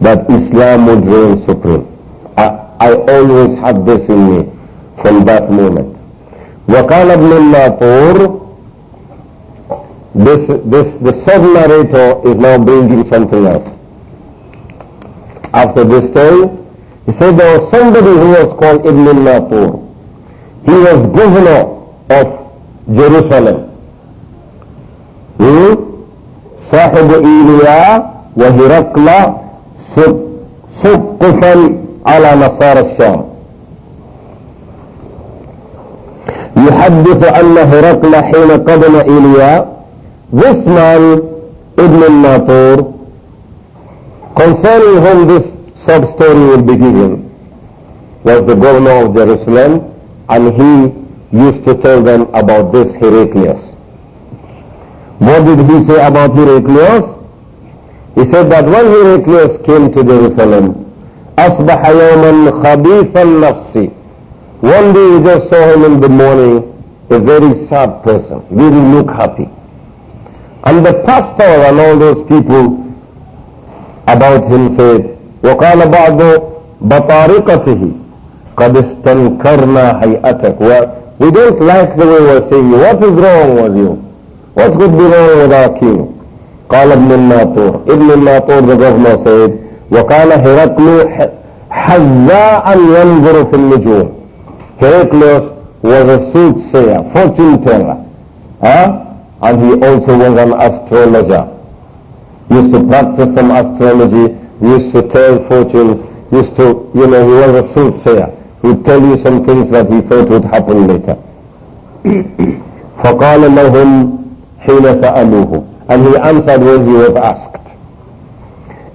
that Islam will reign supreme. I, I always had this in me from that moment. وقال ابن الناطور this, this, the sub-narrator is now bringing something else. after this story? He said there was somebody who was called Ibn al-Natur. He was governor of Jerusalem. صاحب إيليا وهرقل سقفا على نصارى الشام يحدث أن هرقل حين قدم إيليا This man Ibn al-Natur concerning whom this sub-story will be given, was the governor of Jerusalem, and he used to tell them about this Heraclius. What did he say about Heraclius? He said that when Heraclius came to Jerusalem, أصبح يوما al nafsi. One day you just saw him in the morning, a very sad person, didn't look happy. And the pastor and all those people about him said وقال بعض بطارقته قد استنكرنا هيئتك we don't like the way we're saying you what is wrong with you what could be wrong with our king قال ابن الناطور ابن الناطور the governor said وقال هرقل حذاء ينظر في النجوم Heraclius was a soothsayer fortune teller huh? and he also was an astrologer used to practice some astrology, used to tell fortunes, used to, you know, he was a soothsayer. He would tell you some things that he thought would happen later. فَقَالَ لَهُمْ حِينَ سَأَلُوهُ And he answered when he was asked.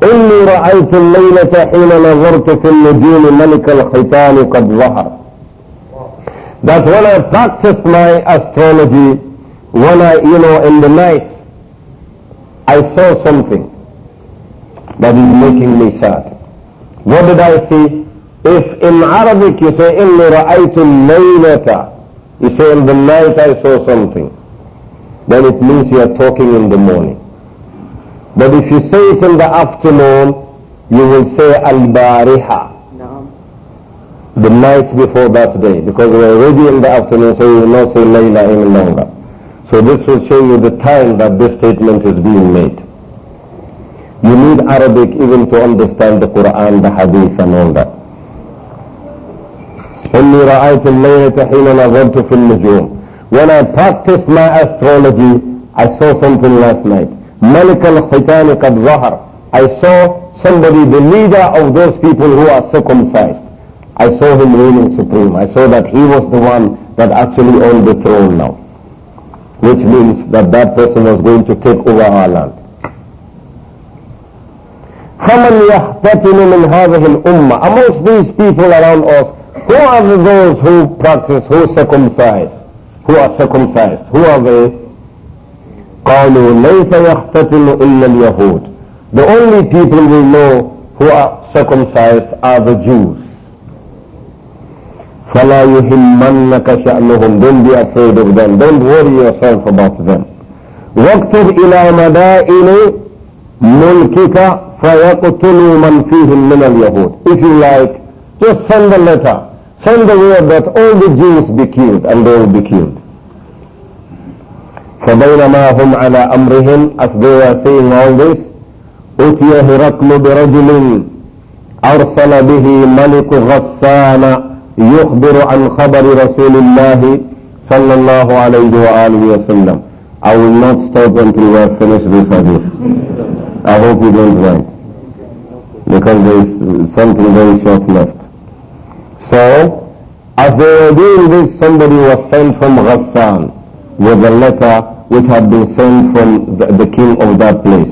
إني رأيت الليلة حين نظرت في النجوم ملك الختان قد ظهر That when I practiced my astrology, when I, you know, in the night, I saw something that is making me sad. What did I see? If in Arabic you say, إِنِّي رَأَيْتُ اللَّيْلَةَ You say, in the night I saw something. Then it means you are talking in the morning. But if you say it in the afternoon, you will say, Al-Bariha. No. The night before that day, because we are already in the afternoon, so you will not say Layla any longer. So this will show you the time that this statement is being made. You need Arabic even to understand the Quran, the Hadith and all that. إني رأيت الليلة حين نظرت في النجوم. When I practiced my astrology, I saw something last night. ملك الختان قد ظهر. I saw somebody, the leader of those people who are circumcised. I saw him reigning supreme. I saw that he was the one that actually owned the throne now which means that that person was going to take over our land. فمن يحتتم من هذه الأمة amongst these people around us who are those who practice who circumcise who are circumcised who are they قالوا ليس إلا اليهود the only people we know who are circumcised are the Jews فَلَا يُهِمَّنَّكَ شَأْنُهُمْ Don't be afraid of them. Don't worry yourself about them. واكتب إلى مدائن ملكك فيقتلوا من فيهم من اليهود. If you like, just send a letter. Send the word that all the Jews be killed and they will be killed. فبينما هم على أمرهم as they were saying all this أتي هرقل برجل أرسل به ملك غسان يخبر عن خبر رسول الله صلى الله عليه وآله وسلم I will not stop until we have finished this hadith. I hope you don't mind. Because there is something very short left. So, as they were doing this, somebody was sent from Ghassan with a letter which had been sent from the, the king of that place.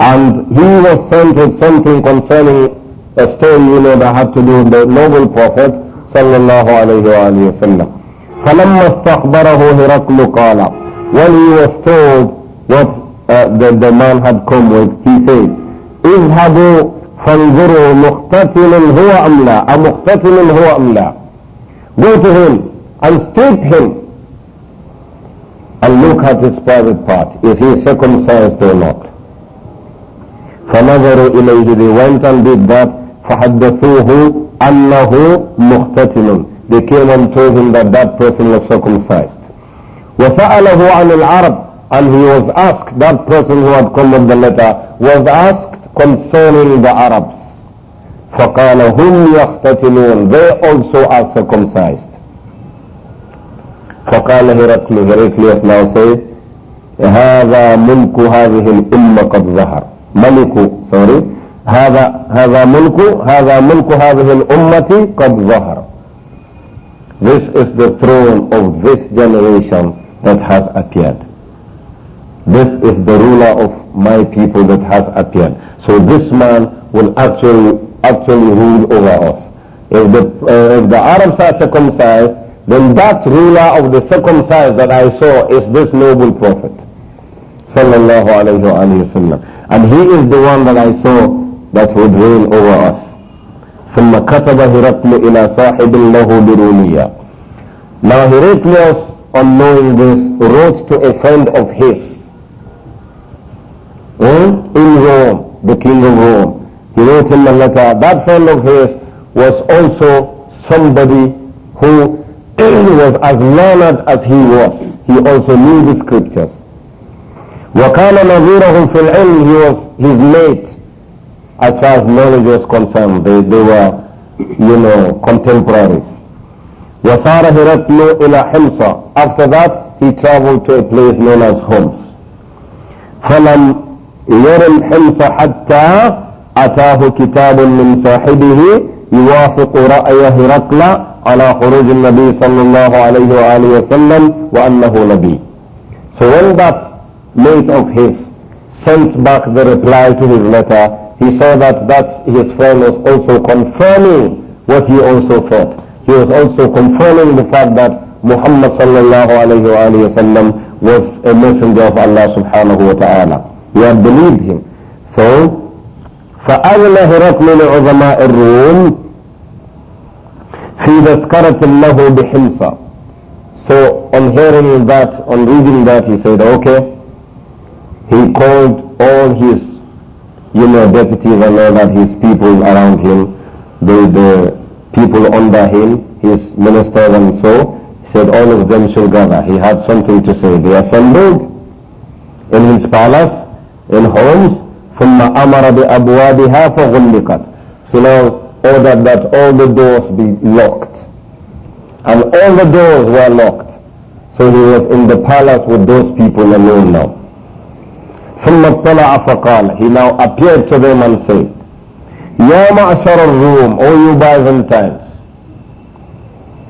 And he was sent with something concerning a story you know that had to do with the noble prophet sallallahu alayhi wa وسلم فَلَمَّا اسْتَخْبَرَهُ هِرَقْلُ قَالَ When he was told what uh, the, the man had come with, he said, اذهبوا فانظروا مقتتل هو أم لا أمقتتل هو أم لا Go to him and state him and look at his private part. Is he circumcised or not? فنظروا إليه They went and did that فحدثوه أنه مختتن They came and told him that that person was circumcised. وسأله عن العرب and he was asked, that person who had come with the letter was asked concerning the Arabs. فقال هم يختتنون they also are circumcised. فقال هرقل هرقليوس now say هذا ملك هذه الأمة قد ظهر ملك sorry هذا هذا ملك هذا ملك هذه الأمة قد ظهر This is the throne of this generation that has appeared. This is the ruler of my people that has appeared. So this man will actually actually rule over us. If the, uh, if the Arabs are circumcised, then that ruler of the circumcised that I saw is this noble prophet. Sallallahu alayhi wa And he is the one that I saw that would reign over us. ثم كتب هرقل إلى صاحب له برونية. Now Heraclius, on knowing this, wrote to a friend of his hmm? in Rome, the king of Rome. He wrote him a letter. That friend of his was also somebody who was as learned as he was. He also knew the scriptures. وكان نظيره في العلم he was his mate as far as knowledge was concerned, they, they were, you know, contemporaries. وَصَارَ هِرَقْلُ إِلَى حِمْصَ After that, he traveled to a place known as Homs. فَلَمْ يَرِمْ حِمْصَ حَتَّى أَتَاهُ كِتَابٌ مِّن صَاحِبِهِ يوافق رأي هرقل على خروج النبي صلى الله عليه وآله وسلم وأنه نبي. So when that mate of his sent back the reply to his letter, he saw that that his friend was also confirming what he also thought. He was also confirming the fact that Muhammad sallallahu alayhi wa, sallam was a messenger of Allah subhanahu wa ta'ala. He had believed him. So, فأذن هرقل لعظماء الروم في تذكرة له بِحِمْصَ So on hearing that, on reading that, he said, okay, he called all his you know, deputies and all that, his people around him, the, the people under him, his ministers and so, he said all of them shall gather. He had something to say. They assembled in his palace, in homes, ثم أمر بأبوابها فغلقت. He now ordered that all the doors be locked. And all the doors were locked. So he was in the palace with those people alone now. ثم اطلع فقال, he now appeared to them and said, يا معشر الروم, O you Byzantines,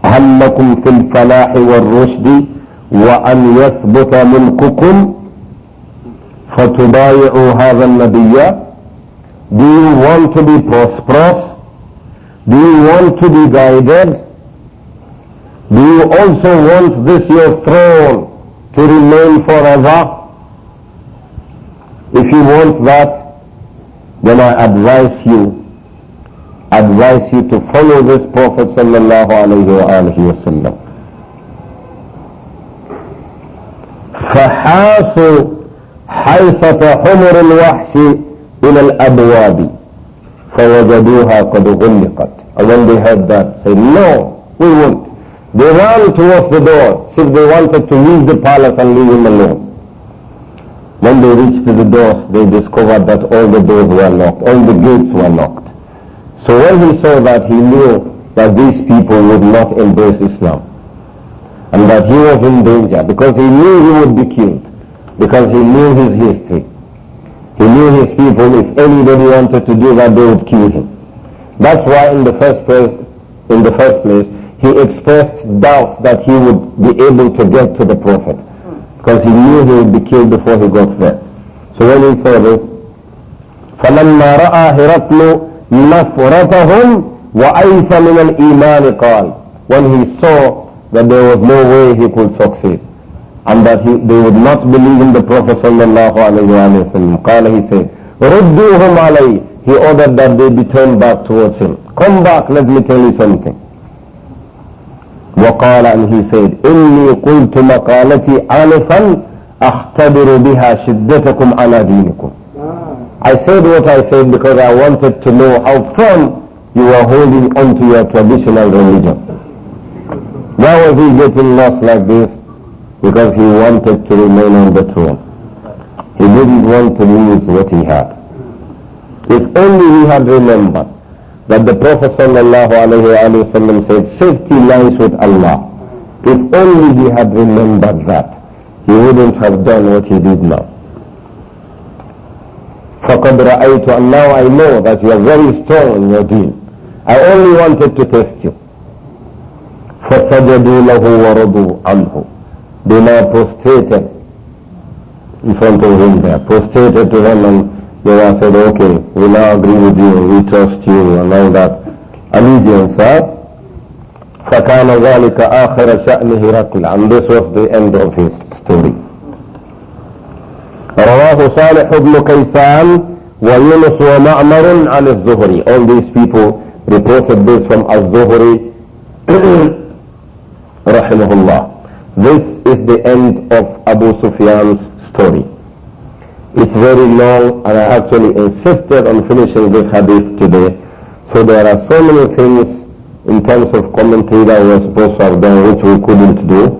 هل لكم في الفلاح والرشد وأن يثبت ملككم فتبايعوا هذا النبي Do you want to be prosperous? Do you want to be guided? Do you also want this your throne to remain forever? If you want that, then I advise you, advise you to follow this Prophet sallallahu alayhi wa sallam. فحاصوا حيصة حمر الوحش إلى الأبواب فوجدوها قد غلقت and when they heard that said no we won't they ran towards the door if they wanted to leave the palace and leave him alone when they reached the doors, they discovered that all the doors were locked, all the gates were locked. So when he saw that, he knew that these people would not embrace Islam and that he was in danger because he knew he would be killed because he knew his history. He knew his people, if anybody wanted to do that, they would kill him. That's why in the first place, in the first place, he expressed doubt that he would be able to get to the Prophet because he knew he would be killed before he got there. So when he saw this, فَلَمَّا رَأَى هِرَقْلُ نَفْرَتَهُمْ وَأَيْسَ مِنَ الْإِيمَانِ قَالْ When he saw that there was no way he could succeed and that he, they would not believe in the Prophet sallallahu alayhi wa sallam. قال he said, رُدُّوهُمْ عَلَيْهِ He ordered that they be turned back towards him. Come back, let me tell you something. وقال he said إني قلت مقالتي آنفا أختبر بها شدتكم على دينكم I said what I said because I wanted to know how firm you are holding on to your traditional religion. Why was he getting lost like this? Because he wanted to remain on the throne. He didn't want to lose what he had. If only he had remembered that the Prophet sallallahu said, safety lies with Allah. If only he had remembered that, he wouldn't have done what he did now. فَقَدْ رَأَيْتُ And now I know that you are very strong in your deen. I only wanted to test you. فَسَجَدُوا لَهُ وَرَضُوا عَنْهُ They now prostrated in front of him there, prostrated to him and they I said, okay, we now agree with you, we trust you, and all that. Allegiance, فكان ذلك آخر شأنه هرقل and this was the end of his story رواه صالح بن كيسان ويونس ومعمر عن الزهري all these people reported this from الزهري رحمه الله this is the end of Abu Sufyan's story it's very long and I actually insisted on finishing this hadith today. So there are so many things in terms of commentary that we are supposed to have done which we couldn't do.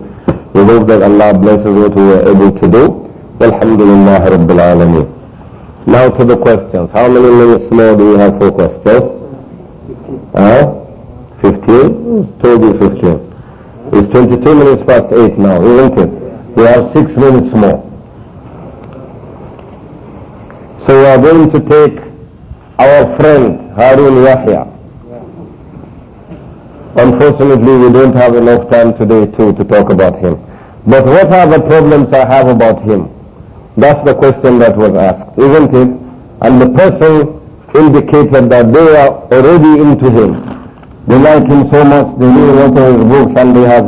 We hope that Allah blesses what we were able to do. Alhamdulillah Rabbil Alameen. Now to the questions. How many minutes more do we have for questions? Huh? 15? Told you 15. It's 22 minutes past 8 now, isn't it? We have 6 minutes more. So we are going to take our friend Harun Yahya. Unfortunately, we don't have enough time today too to talk about him. But what are the problems I have about him? That's the question that was asked, isn't it? And the person indicated that they are already into him. They like him so much, they read a lot of his books and they have,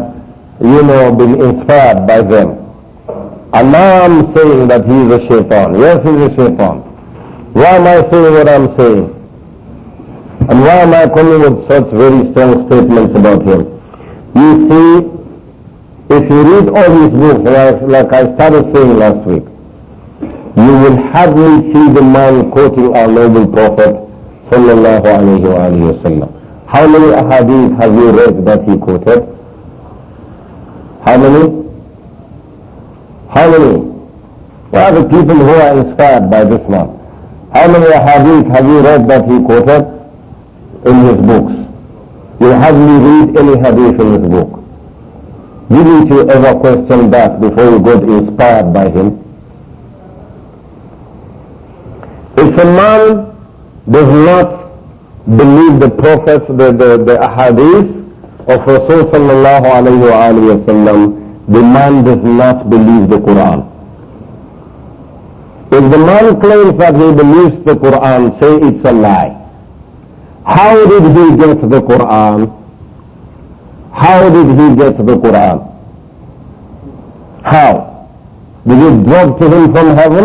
you know, been inspired by them. And now I'm saying that he is a shaitan. Yes, he is a shaitan. Why am I saying what I'm saying? And why am I coming with such very strong statements about him? You see, if you read all these books, like, like I started saying last week, you will hardly see the man quoting our noble prophet sallallahu alayhi wa alayhi wasallam. How many ahadith have you read that he quoted? How many? How many? What are the people who are inspired by this man? How many hadith have you read that he quoted in his books? You have me read any hadith in his book. Didn't you ever question that before you got inspired by him? If a man does not believe the prophets, the, the, the hadith of Rasul sallallahu alayhi wa sallam, the man does not believe the Quran. If the man claims that he believes the Quran, say it's a lie. How did he get the Quran? How did he get the Quran? How? Did it drop to him from heaven?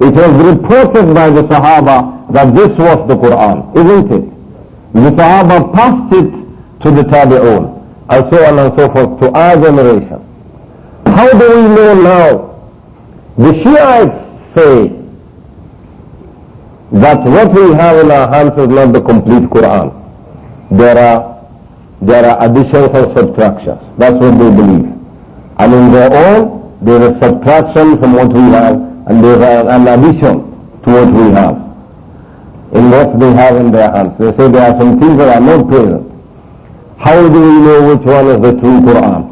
It was reported by the Sahaba that this was the Quran, isn't it? The Sahaba passed it to the Tabi'un and so on and so forth to our generation. How do we know now the Shiites say that what we have in our hands is not the complete Quran. There are, there are additions and subtractions. That's what they believe. And in their own, there is subtraction from what we have and there is an addition to what we have in what they have in their hands. They say there are some things that are not present. How do we know which one is the true Quran?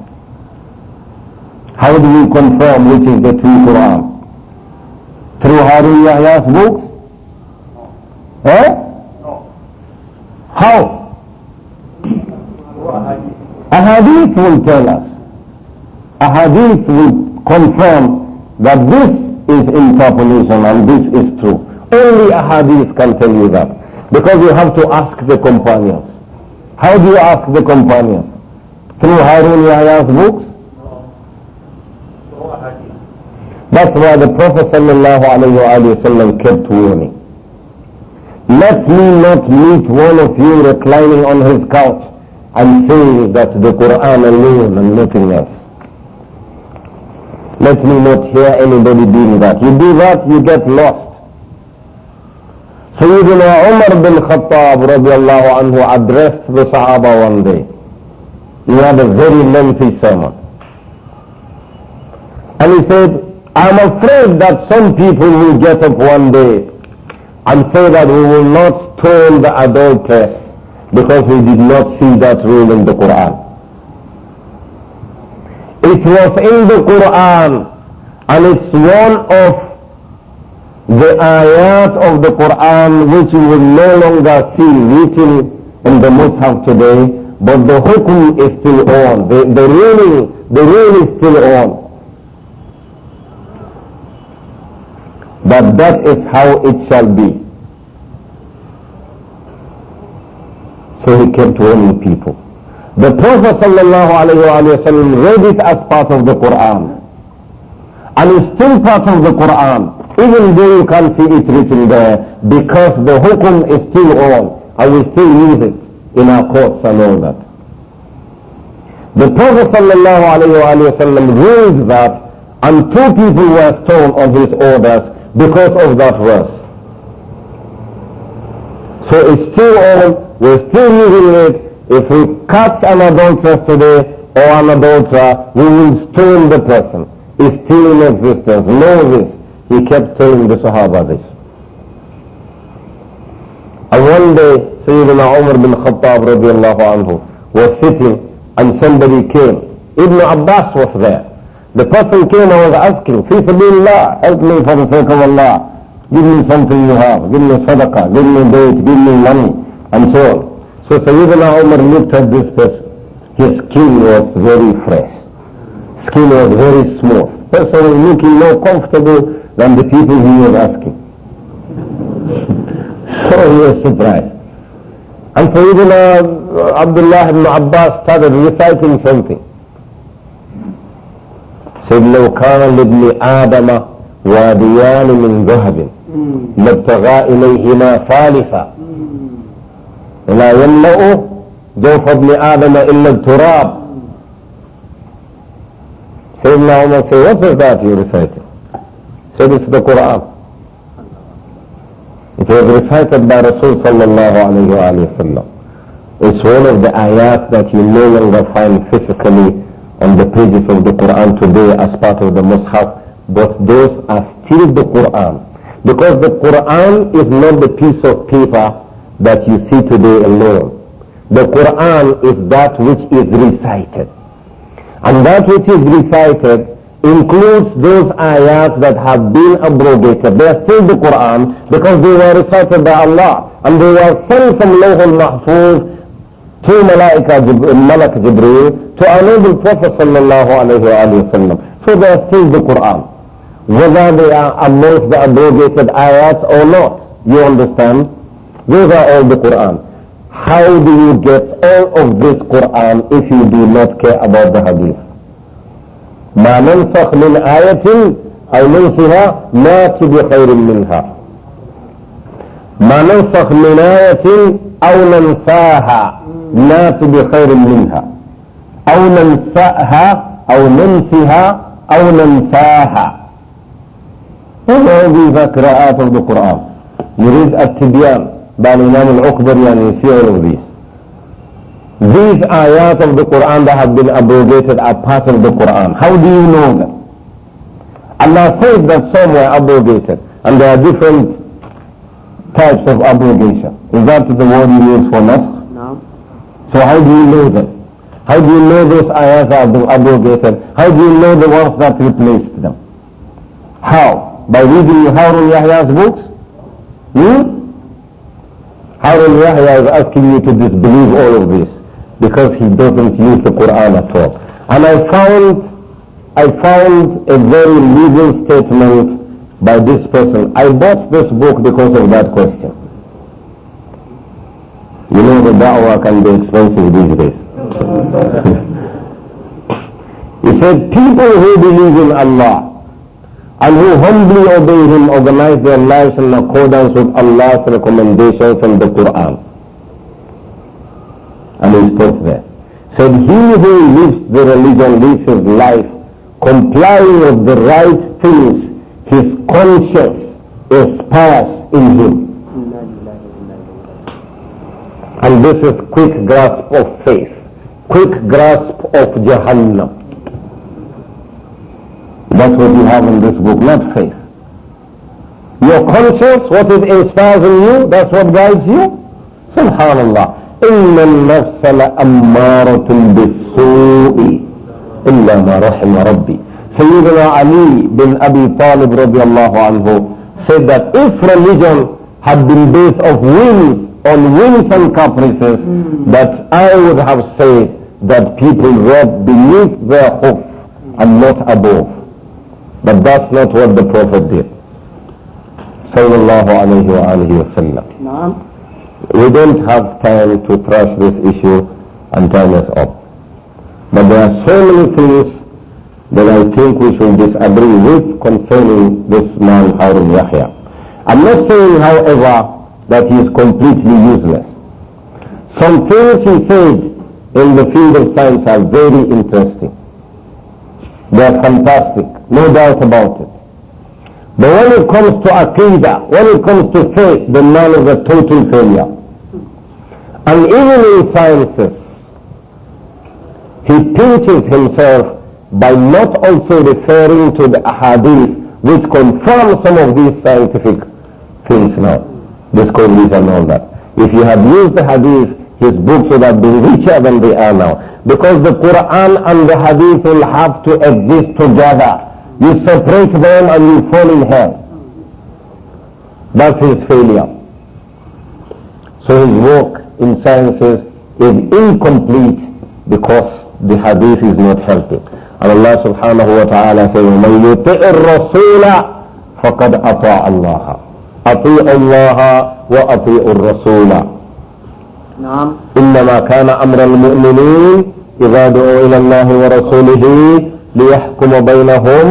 How do you confirm which is the true Quran? Through Harun Yahya's books? No. Eh? No. How? A hadith will tell us. A hadith will confirm that this is interpolation and this is true. Only a hadith can tell you that. Because you have to ask the companions. How do you ask the companions? Through Harun Yahya's books? That's why the Prophet ﷺ kept warning. Let me not meet one of you reclining on his couch and say that the Quran alone and nothing else. Let me not hear anybody doing that. You do that, you get lost. Sayyidina Umar bin Khattab anhu addressed the Sahaba one day. He had a very lengthy sermon. And he said, I'm afraid that some people will get up one day and say that we will not stone the adulteress because we did not see that rule in the Quran. It was in the Quran and it's one of the ayat of the Quran which you will no longer see written in the Mus'haf today, but the hukum is still on. The, the ruling, the rule is still on. that that is how it shall be. So he kept only people. The Prophet ﷺ read it as part of the Quran. And it's still part of the Quran, even though you can't see it written there, because the hukum is still on, and we still use it in our courts and all that. The Prophet ﷺ ruled that, and two people were stoned on his orders, because of that verse. So it's still on, we're still using it. If we catch an adulteress today or an adulterer, we will stone the person. It's still in existence. Know this. He kept telling the Sahaba this. And one day, Sayyidina Umar bin Khattab anhu was sitting and somebody came. Ibn Abbas was there. The person came and was asking, Fi sabilillah, help me for the sake of Allah. Give me something you have. Give me sadaqah. Give me date. Give me money. And so on. So Sayyidina Umar looked at this person. His skin was very fresh. Skin was very smooth. Person was looking more comfortable than the people he was asking. so he was surprised. And Sayyidina Abdullah ibn Abbas started reciting something. سيد لو كان لابن آدم واديان من ذهب لابتغى إليهما ثالثا لا يملأ جوف ابن آدم إلا التراب سيدنا عمر سيوصف ذاته رسالته سيد سيد القرآن سيد was recited by Rasul sallallahu alayhi wa, alayhi It's one of the ayat that you no longer find physically on the pages of the Quran today as part of the Mus'haf, but those are still the Quran. Because the Quran is not the piece of paper that you see today alone. The Quran is that which is recited. And that which is recited includes those ayats that have been abrogated. They are still the Quran because they were recited by Allah and they were sent from Lawh mahfuz to Malaika, Malak Jibreel to enable Prophet sallallahu alayhi wa sallam. So they are still the Quran. Whether they are amongst the abrogated ayats or not, you understand? Those are all the Quran. How do you get all of this Quran if you do not care about the Hadith? ما ننسخ من آية أو ننسها نات خير منها ما ننسخ من آية أو ننساها نات بخير منها أو ننساها أو ننسها أو ننساها هذا في ذكر آيات القرآن يريد التبيان بل إمام العقبر يعني يسير ذيس ذيس آيات القرآن ده have been abrogated at part of the how do you know that Allah said that some were and there are different types of abrogation. Is that the word you use for nasr? No. So how do you know them? How do you know those ayahs are abrogated? How do you know the ones that replaced them? How? By reading Harun Yahya's books? Hmm? Harun Yahya is asking you to disbelieve all of this because he doesn't use the Quran at all. And I found, I found a very legal statement by this person. I bought this book because of that question. You know the da'wah can be expensive these days. he said, people who believe in Allah and who humbly obey Him organize their lives in accordance with Allah's recommendations and the Quran. And he stopped there. Said, he who lives the religion lives his life complying with the right things his conscience aspires in him. And this is quick grasp of faith, quick grasp of Jahannam. That's what you have in this book, not faith. Your conscience, what it inspires in you, that's what guides you. Subhanallah. إن النفس لأمارة بالسوء إلا ما رحم ربي Sayyidina Ali bin Abi Talib radiallahu anhu said that if religion had been based of whims, on whims and caprices, mm. that I would have said that people rob beneath their hoof and not above. But that's not what the Prophet did. Sallallahu alayhi wa alayhi wa sallam. We don't have time to trash this issue and turn us up. But there are so many things that I think we should disagree with concerning this man Harun Yahya. I'm not saying, however, that he is completely useless. Some things he said in the field of science are very interesting. They are fantastic, no doubt about it. But when it comes to aqidah, when it comes to faith, the man is a total failure. And even in sciences, he pinches himself by not also referring to the ahadith which confirm some of these scientific things now, this could and all that. If you had used the hadith, his books would have been richer than they are now. Because the Quran and the hadith will have to exist together. You separate them and you fall in hell. That's his failure. So his work in sciences is incomplete because the hadith is not helping. على الله سبحانه وتعالى saying من يطع الرسول فقد أطاع الله أطيع الله وأطيع الرسول نعم إنما كان أمر المؤمنين إذا دعوا إلى الله ورسوله ليحكم بينهم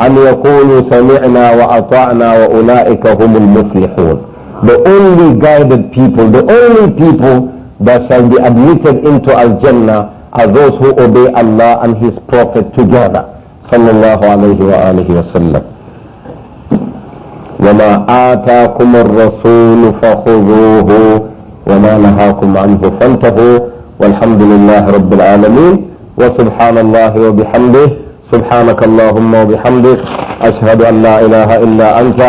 أن يقولوا سمعنا وأطعنا وأولئك هم المفلحون the only guided people the only people that shall be admitted into Al-Jannah are those who obey Allah and His Prophet together. صلى الله عليه وآله وسلم. وما آتاكم الرسول فخذوه وما نهاكم عنه فانتهوا والحمد لله رب العالمين وسبحان الله وبحمده سبحانك اللهم وبحمدك أشهد أن لا إله إلا أنت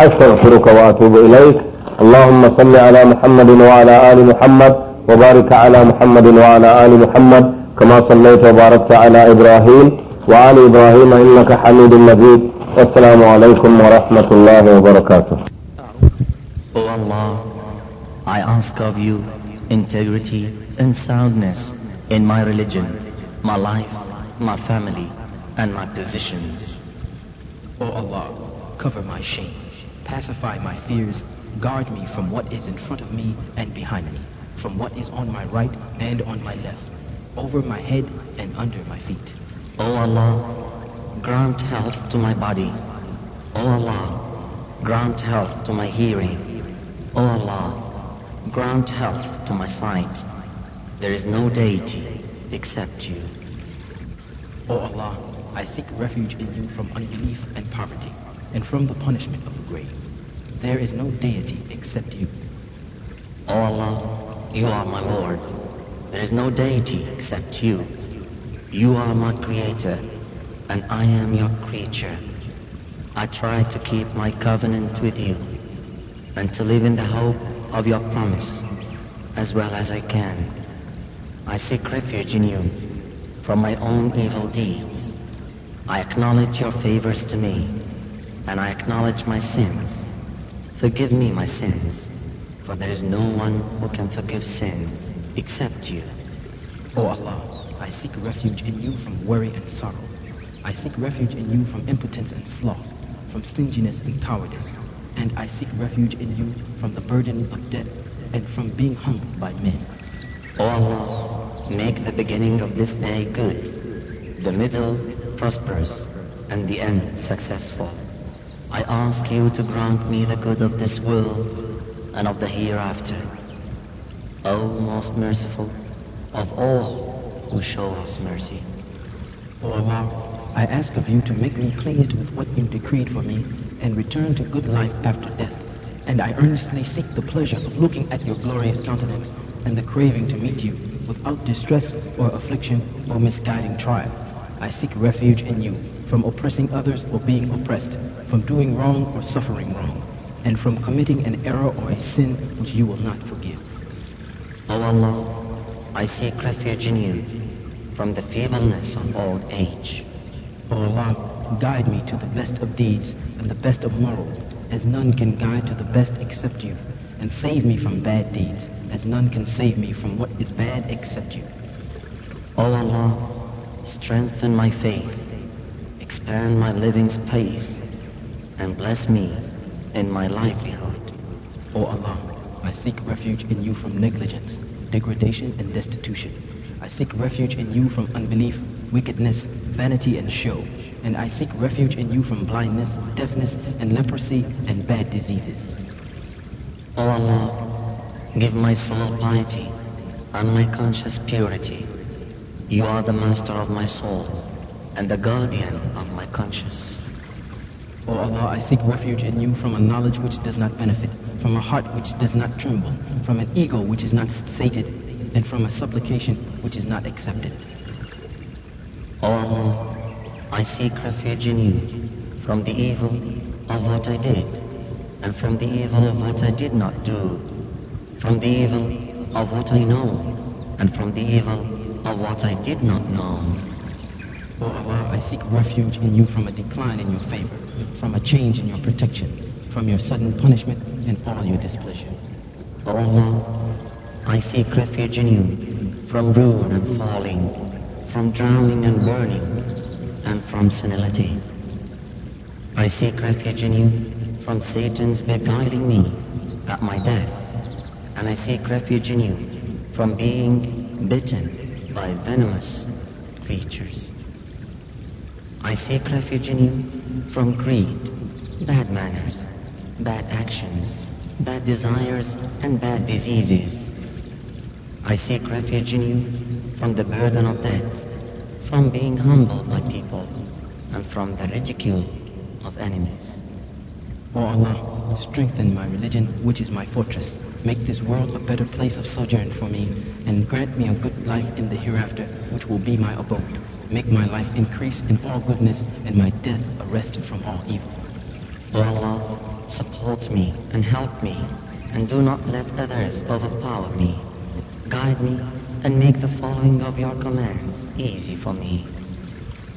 أستغفرك وأتوب إليك اللهم صل على محمد وعلى آل محمد وبارك على محمد وعلى آل محمد كما صليت وباركت على إبراهيم وعلى إبراهيم إنك حميد مجيد والسلام عليكم ورحمة الله وبركاته Oh Allah, I ask of you integrity and soundness in my religion, my life, my family, and my positions. O Allah, cover my shame, pacify my fears, guard me from what is in front of me and behind me. from what is on my right and on my left, over my head and under my feet. O Allah, grant health to my body. O Allah, grant health to my hearing. O Allah, grant health to my sight. There is no deity except you. O Allah, I seek refuge in you from unbelief and poverty, and from the punishment of the grave. There is no deity except you. O Allah, you are my lord. There is no deity except you. You are my creator, and I am your creature. I try to keep my covenant with you, and to live in the hope of your promise, as well as I can. I seek refuge in you from my own evil deeds. I acknowledge your favors to me, and I acknowledge my sins. Forgive me my sins, for there is no one who can forgive sins except you. O Allah, I seek refuge in you from worry and sorrow. I seek refuge in you from impotence and sloth, from stinginess and cowardice. And I seek refuge in you from the burden of debt and from being humbled by men. O Allah, make the beginning of this day good, the middle prosperous, and the end successful. I ask you to grant me the good of this world and of the hereafter. O most merciful of all who show us mercy. O Allah, I ask of you to make me pleased with what you decreed for me and return to good life after death. And I earnestly seek the pleasure of looking at your glorious countenance and the craving to meet you without distress or affliction or misguiding trial. I seek refuge in you from oppressing others or being oppressed, from doing wrong or suffering wrong and from committing an error or a sin which you will not forgive. O oh Allah, I seek refuge in you from the feebleness of old age. O oh Allah, guide me to the best of deeds and the best of morals, as none can guide to the best except you, and save me from bad deeds, as none can save me from what is bad except you. O oh Allah, strengthen my faith, expand my living space, and bless me and my livelihood. O oh Allah, I seek refuge in you from negligence, degradation, and destitution. I seek refuge in you from unbelief, wickedness, vanity, and show. And I seek refuge in you from blindness, deafness, and leprosy, and bad diseases. O oh Allah, give my soul piety and my conscience purity. You are the master of my soul and the guardian of my conscience. O Allah, I seek refuge in you from a knowledge which does not benefit, from a heart which does not tremble, from an ego which is not sated, and from a supplication which is not accepted. O Allah, I seek refuge in you from the evil of what I did, and from the evil of what I did not do, from the evil of what I know, and from the evil of what I did not know. O Allah, I seek refuge in you from a decline in your favor from a change in your protection, from your sudden punishment and all your displeasure. O Allah, I seek refuge in you from ruin and falling, from drowning and burning, and from senility. I seek refuge in you from Satan's beguiling me at my death, and I seek refuge in you from being bitten by venomous creatures. I seek refuge in you from greed, bad manners, bad actions, bad desires, and bad diseases. I seek refuge in you from the burden of debt, from being humbled by people, and from the ridicule of enemies. O oh Allah, strengthen my religion, which is my fortress. Make this world a better place of sojourn for me, and grant me a good life in the hereafter, which will be my abode. Make my life increase in all goodness and my death arrested from all evil. O Allah, support me and help me and do not let others overpower me. Guide me and make the following of your commands easy for me.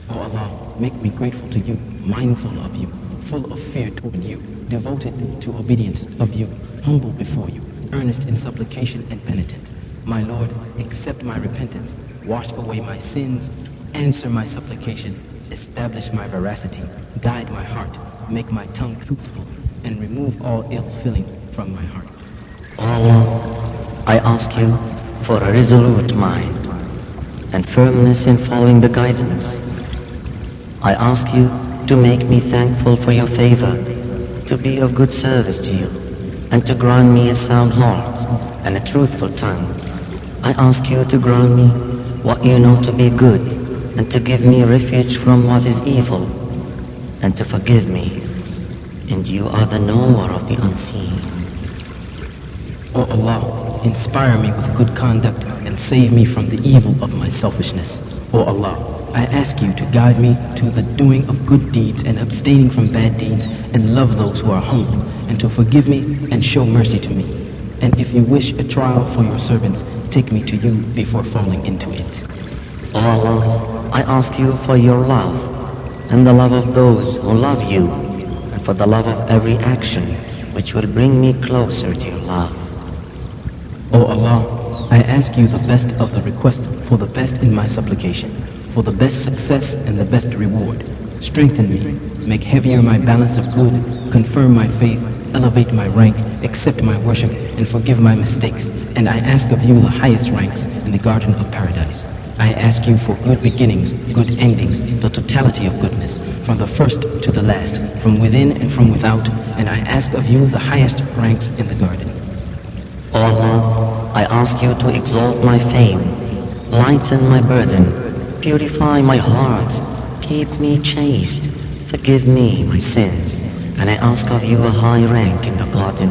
O Allah, make me grateful to you, mindful of you, full of fear toward you, devoted to obedience of you, humble before you, earnest in supplication and penitent. My Lord, accept my repentance, wash away my sins, Answer my supplication, establish my veracity, guide my heart, make my tongue truthful, and remove all ill feeling from my heart. Allah, I ask you for a resolute mind and firmness in following the guidance. I ask you to make me thankful for your favor, to be of good service to you, and to grant me a sound heart and a truthful tongue. I ask you to grant me what you know to be good and to give me refuge from what is evil and to forgive me. And you are the knower of the unseen. O oh Allah, inspire me with good conduct and save me from the evil of my selfishness. O oh Allah, I ask you to guide me to the doing of good deeds and abstaining from bad deeds and love those who are humble and to forgive me and show mercy to me. And if you wish a trial for your servants, take me to you before falling into it. O oh Allah, I ask you for your love and the love of those who love you and for the love of every action which will bring me closer to your love. O oh Allah, I ask you the best of the request for the best in my supplication, for the best success and the best reward. Strengthen me, make heavier my balance of good, confirm my faith, elevate my rank, accept my worship, and forgive my mistakes. And I ask of you the highest ranks in the garden of paradise. I ask you for good beginnings, good endings, the totality of goodness, from the first to the last, from within and from without, and I ask of you the highest ranks in the garden. Allah, I ask you to exalt my fame, lighten my burden, purify my heart, keep me chaste, forgive me my sins, and I ask of you a high rank in the garden.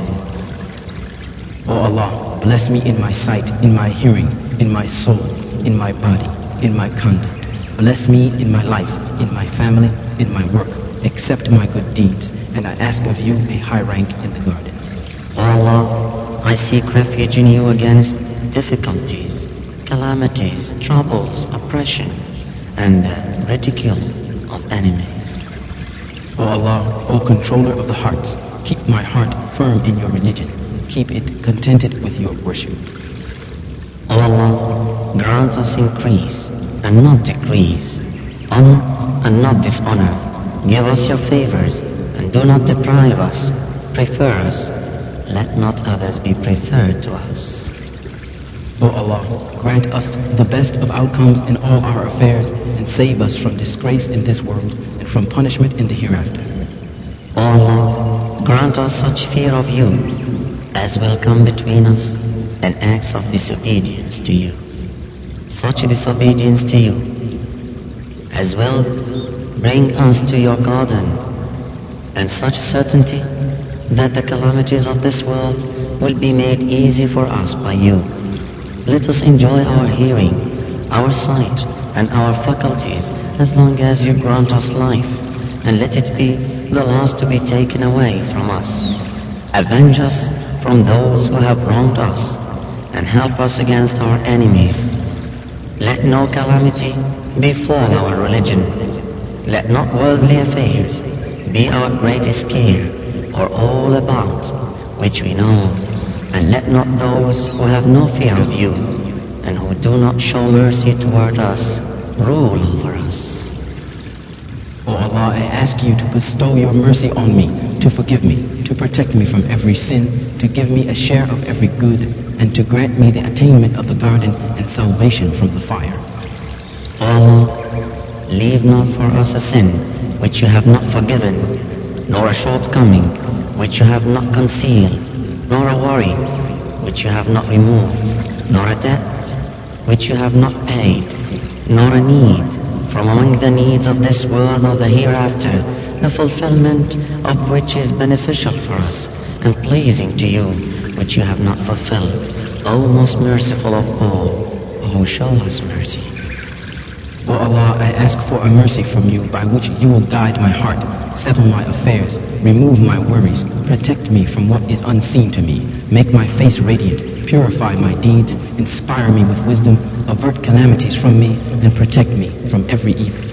O Allah, bless me in my sight, in my hearing, in my soul, in my body, in my conduct. Bless me in my life, in my family, in my work. Accept my good deeds, and I ask of you a high rank in the garden. O Allah, I seek refuge in you against difficulties, calamities, troubles, oppression, and the ridicule of enemies. O Allah, O controller of the hearts, keep my heart firm in your religion. Keep it contented with your worship. O Allah, grants us increase and not decrease, honor and not dishonor. Give us your favors and do not deprive us, prefer us. Let not others be preferred to us. O Allah, grant us the best of outcomes in all our affairs and save us from disgrace in this world and from punishment in the hereafter. O Allah, grant us such fear of you as will come between us and acts of disobedience to you such disobedience to you. As well, bring us to your garden, and such certainty that the calamities of this world will be made easy for us by you. Let us enjoy our hearing, our sight, and our faculties as long as you grant us life, and let it be the last to be taken away from us. Avenge us from those who have wronged us, and help us against our enemies. Let no calamity befall our religion. Let not worldly affairs be our greatest care or all about which we know. And let not those who have no fear of you and who do not show mercy toward us rule over us. O oh Allah, I ask you to bestow your mercy on me, to forgive me, to protect me from every sin, to give me a share of every good and to grant me the attainment of the garden and salvation from the fire. Allah, leave not for us a sin which you have not forgiven, nor a shortcoming which you have not concealed, nor a worry which you have not removed, nor a debt which you have not paid, nor a need from among the needs of this world or the hereafter, the fulfillment of which is beneficial for us and pleasing to you which you have not fulfilled. O most merciful of all, O show us mercy. O Allah, I ask for a mercy from you by which you will guide my heart, settle my affairs, remove my worries, protect me from what is unseen to me, make my face radiant, purify my deeds, inspire me with wisdom, avert calamities from me, and protect me from every evil.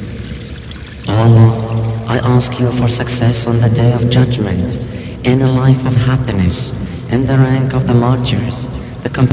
Allah, I ask you for success on the day of judgment, in a life of happiness, in the rank of the marchers, the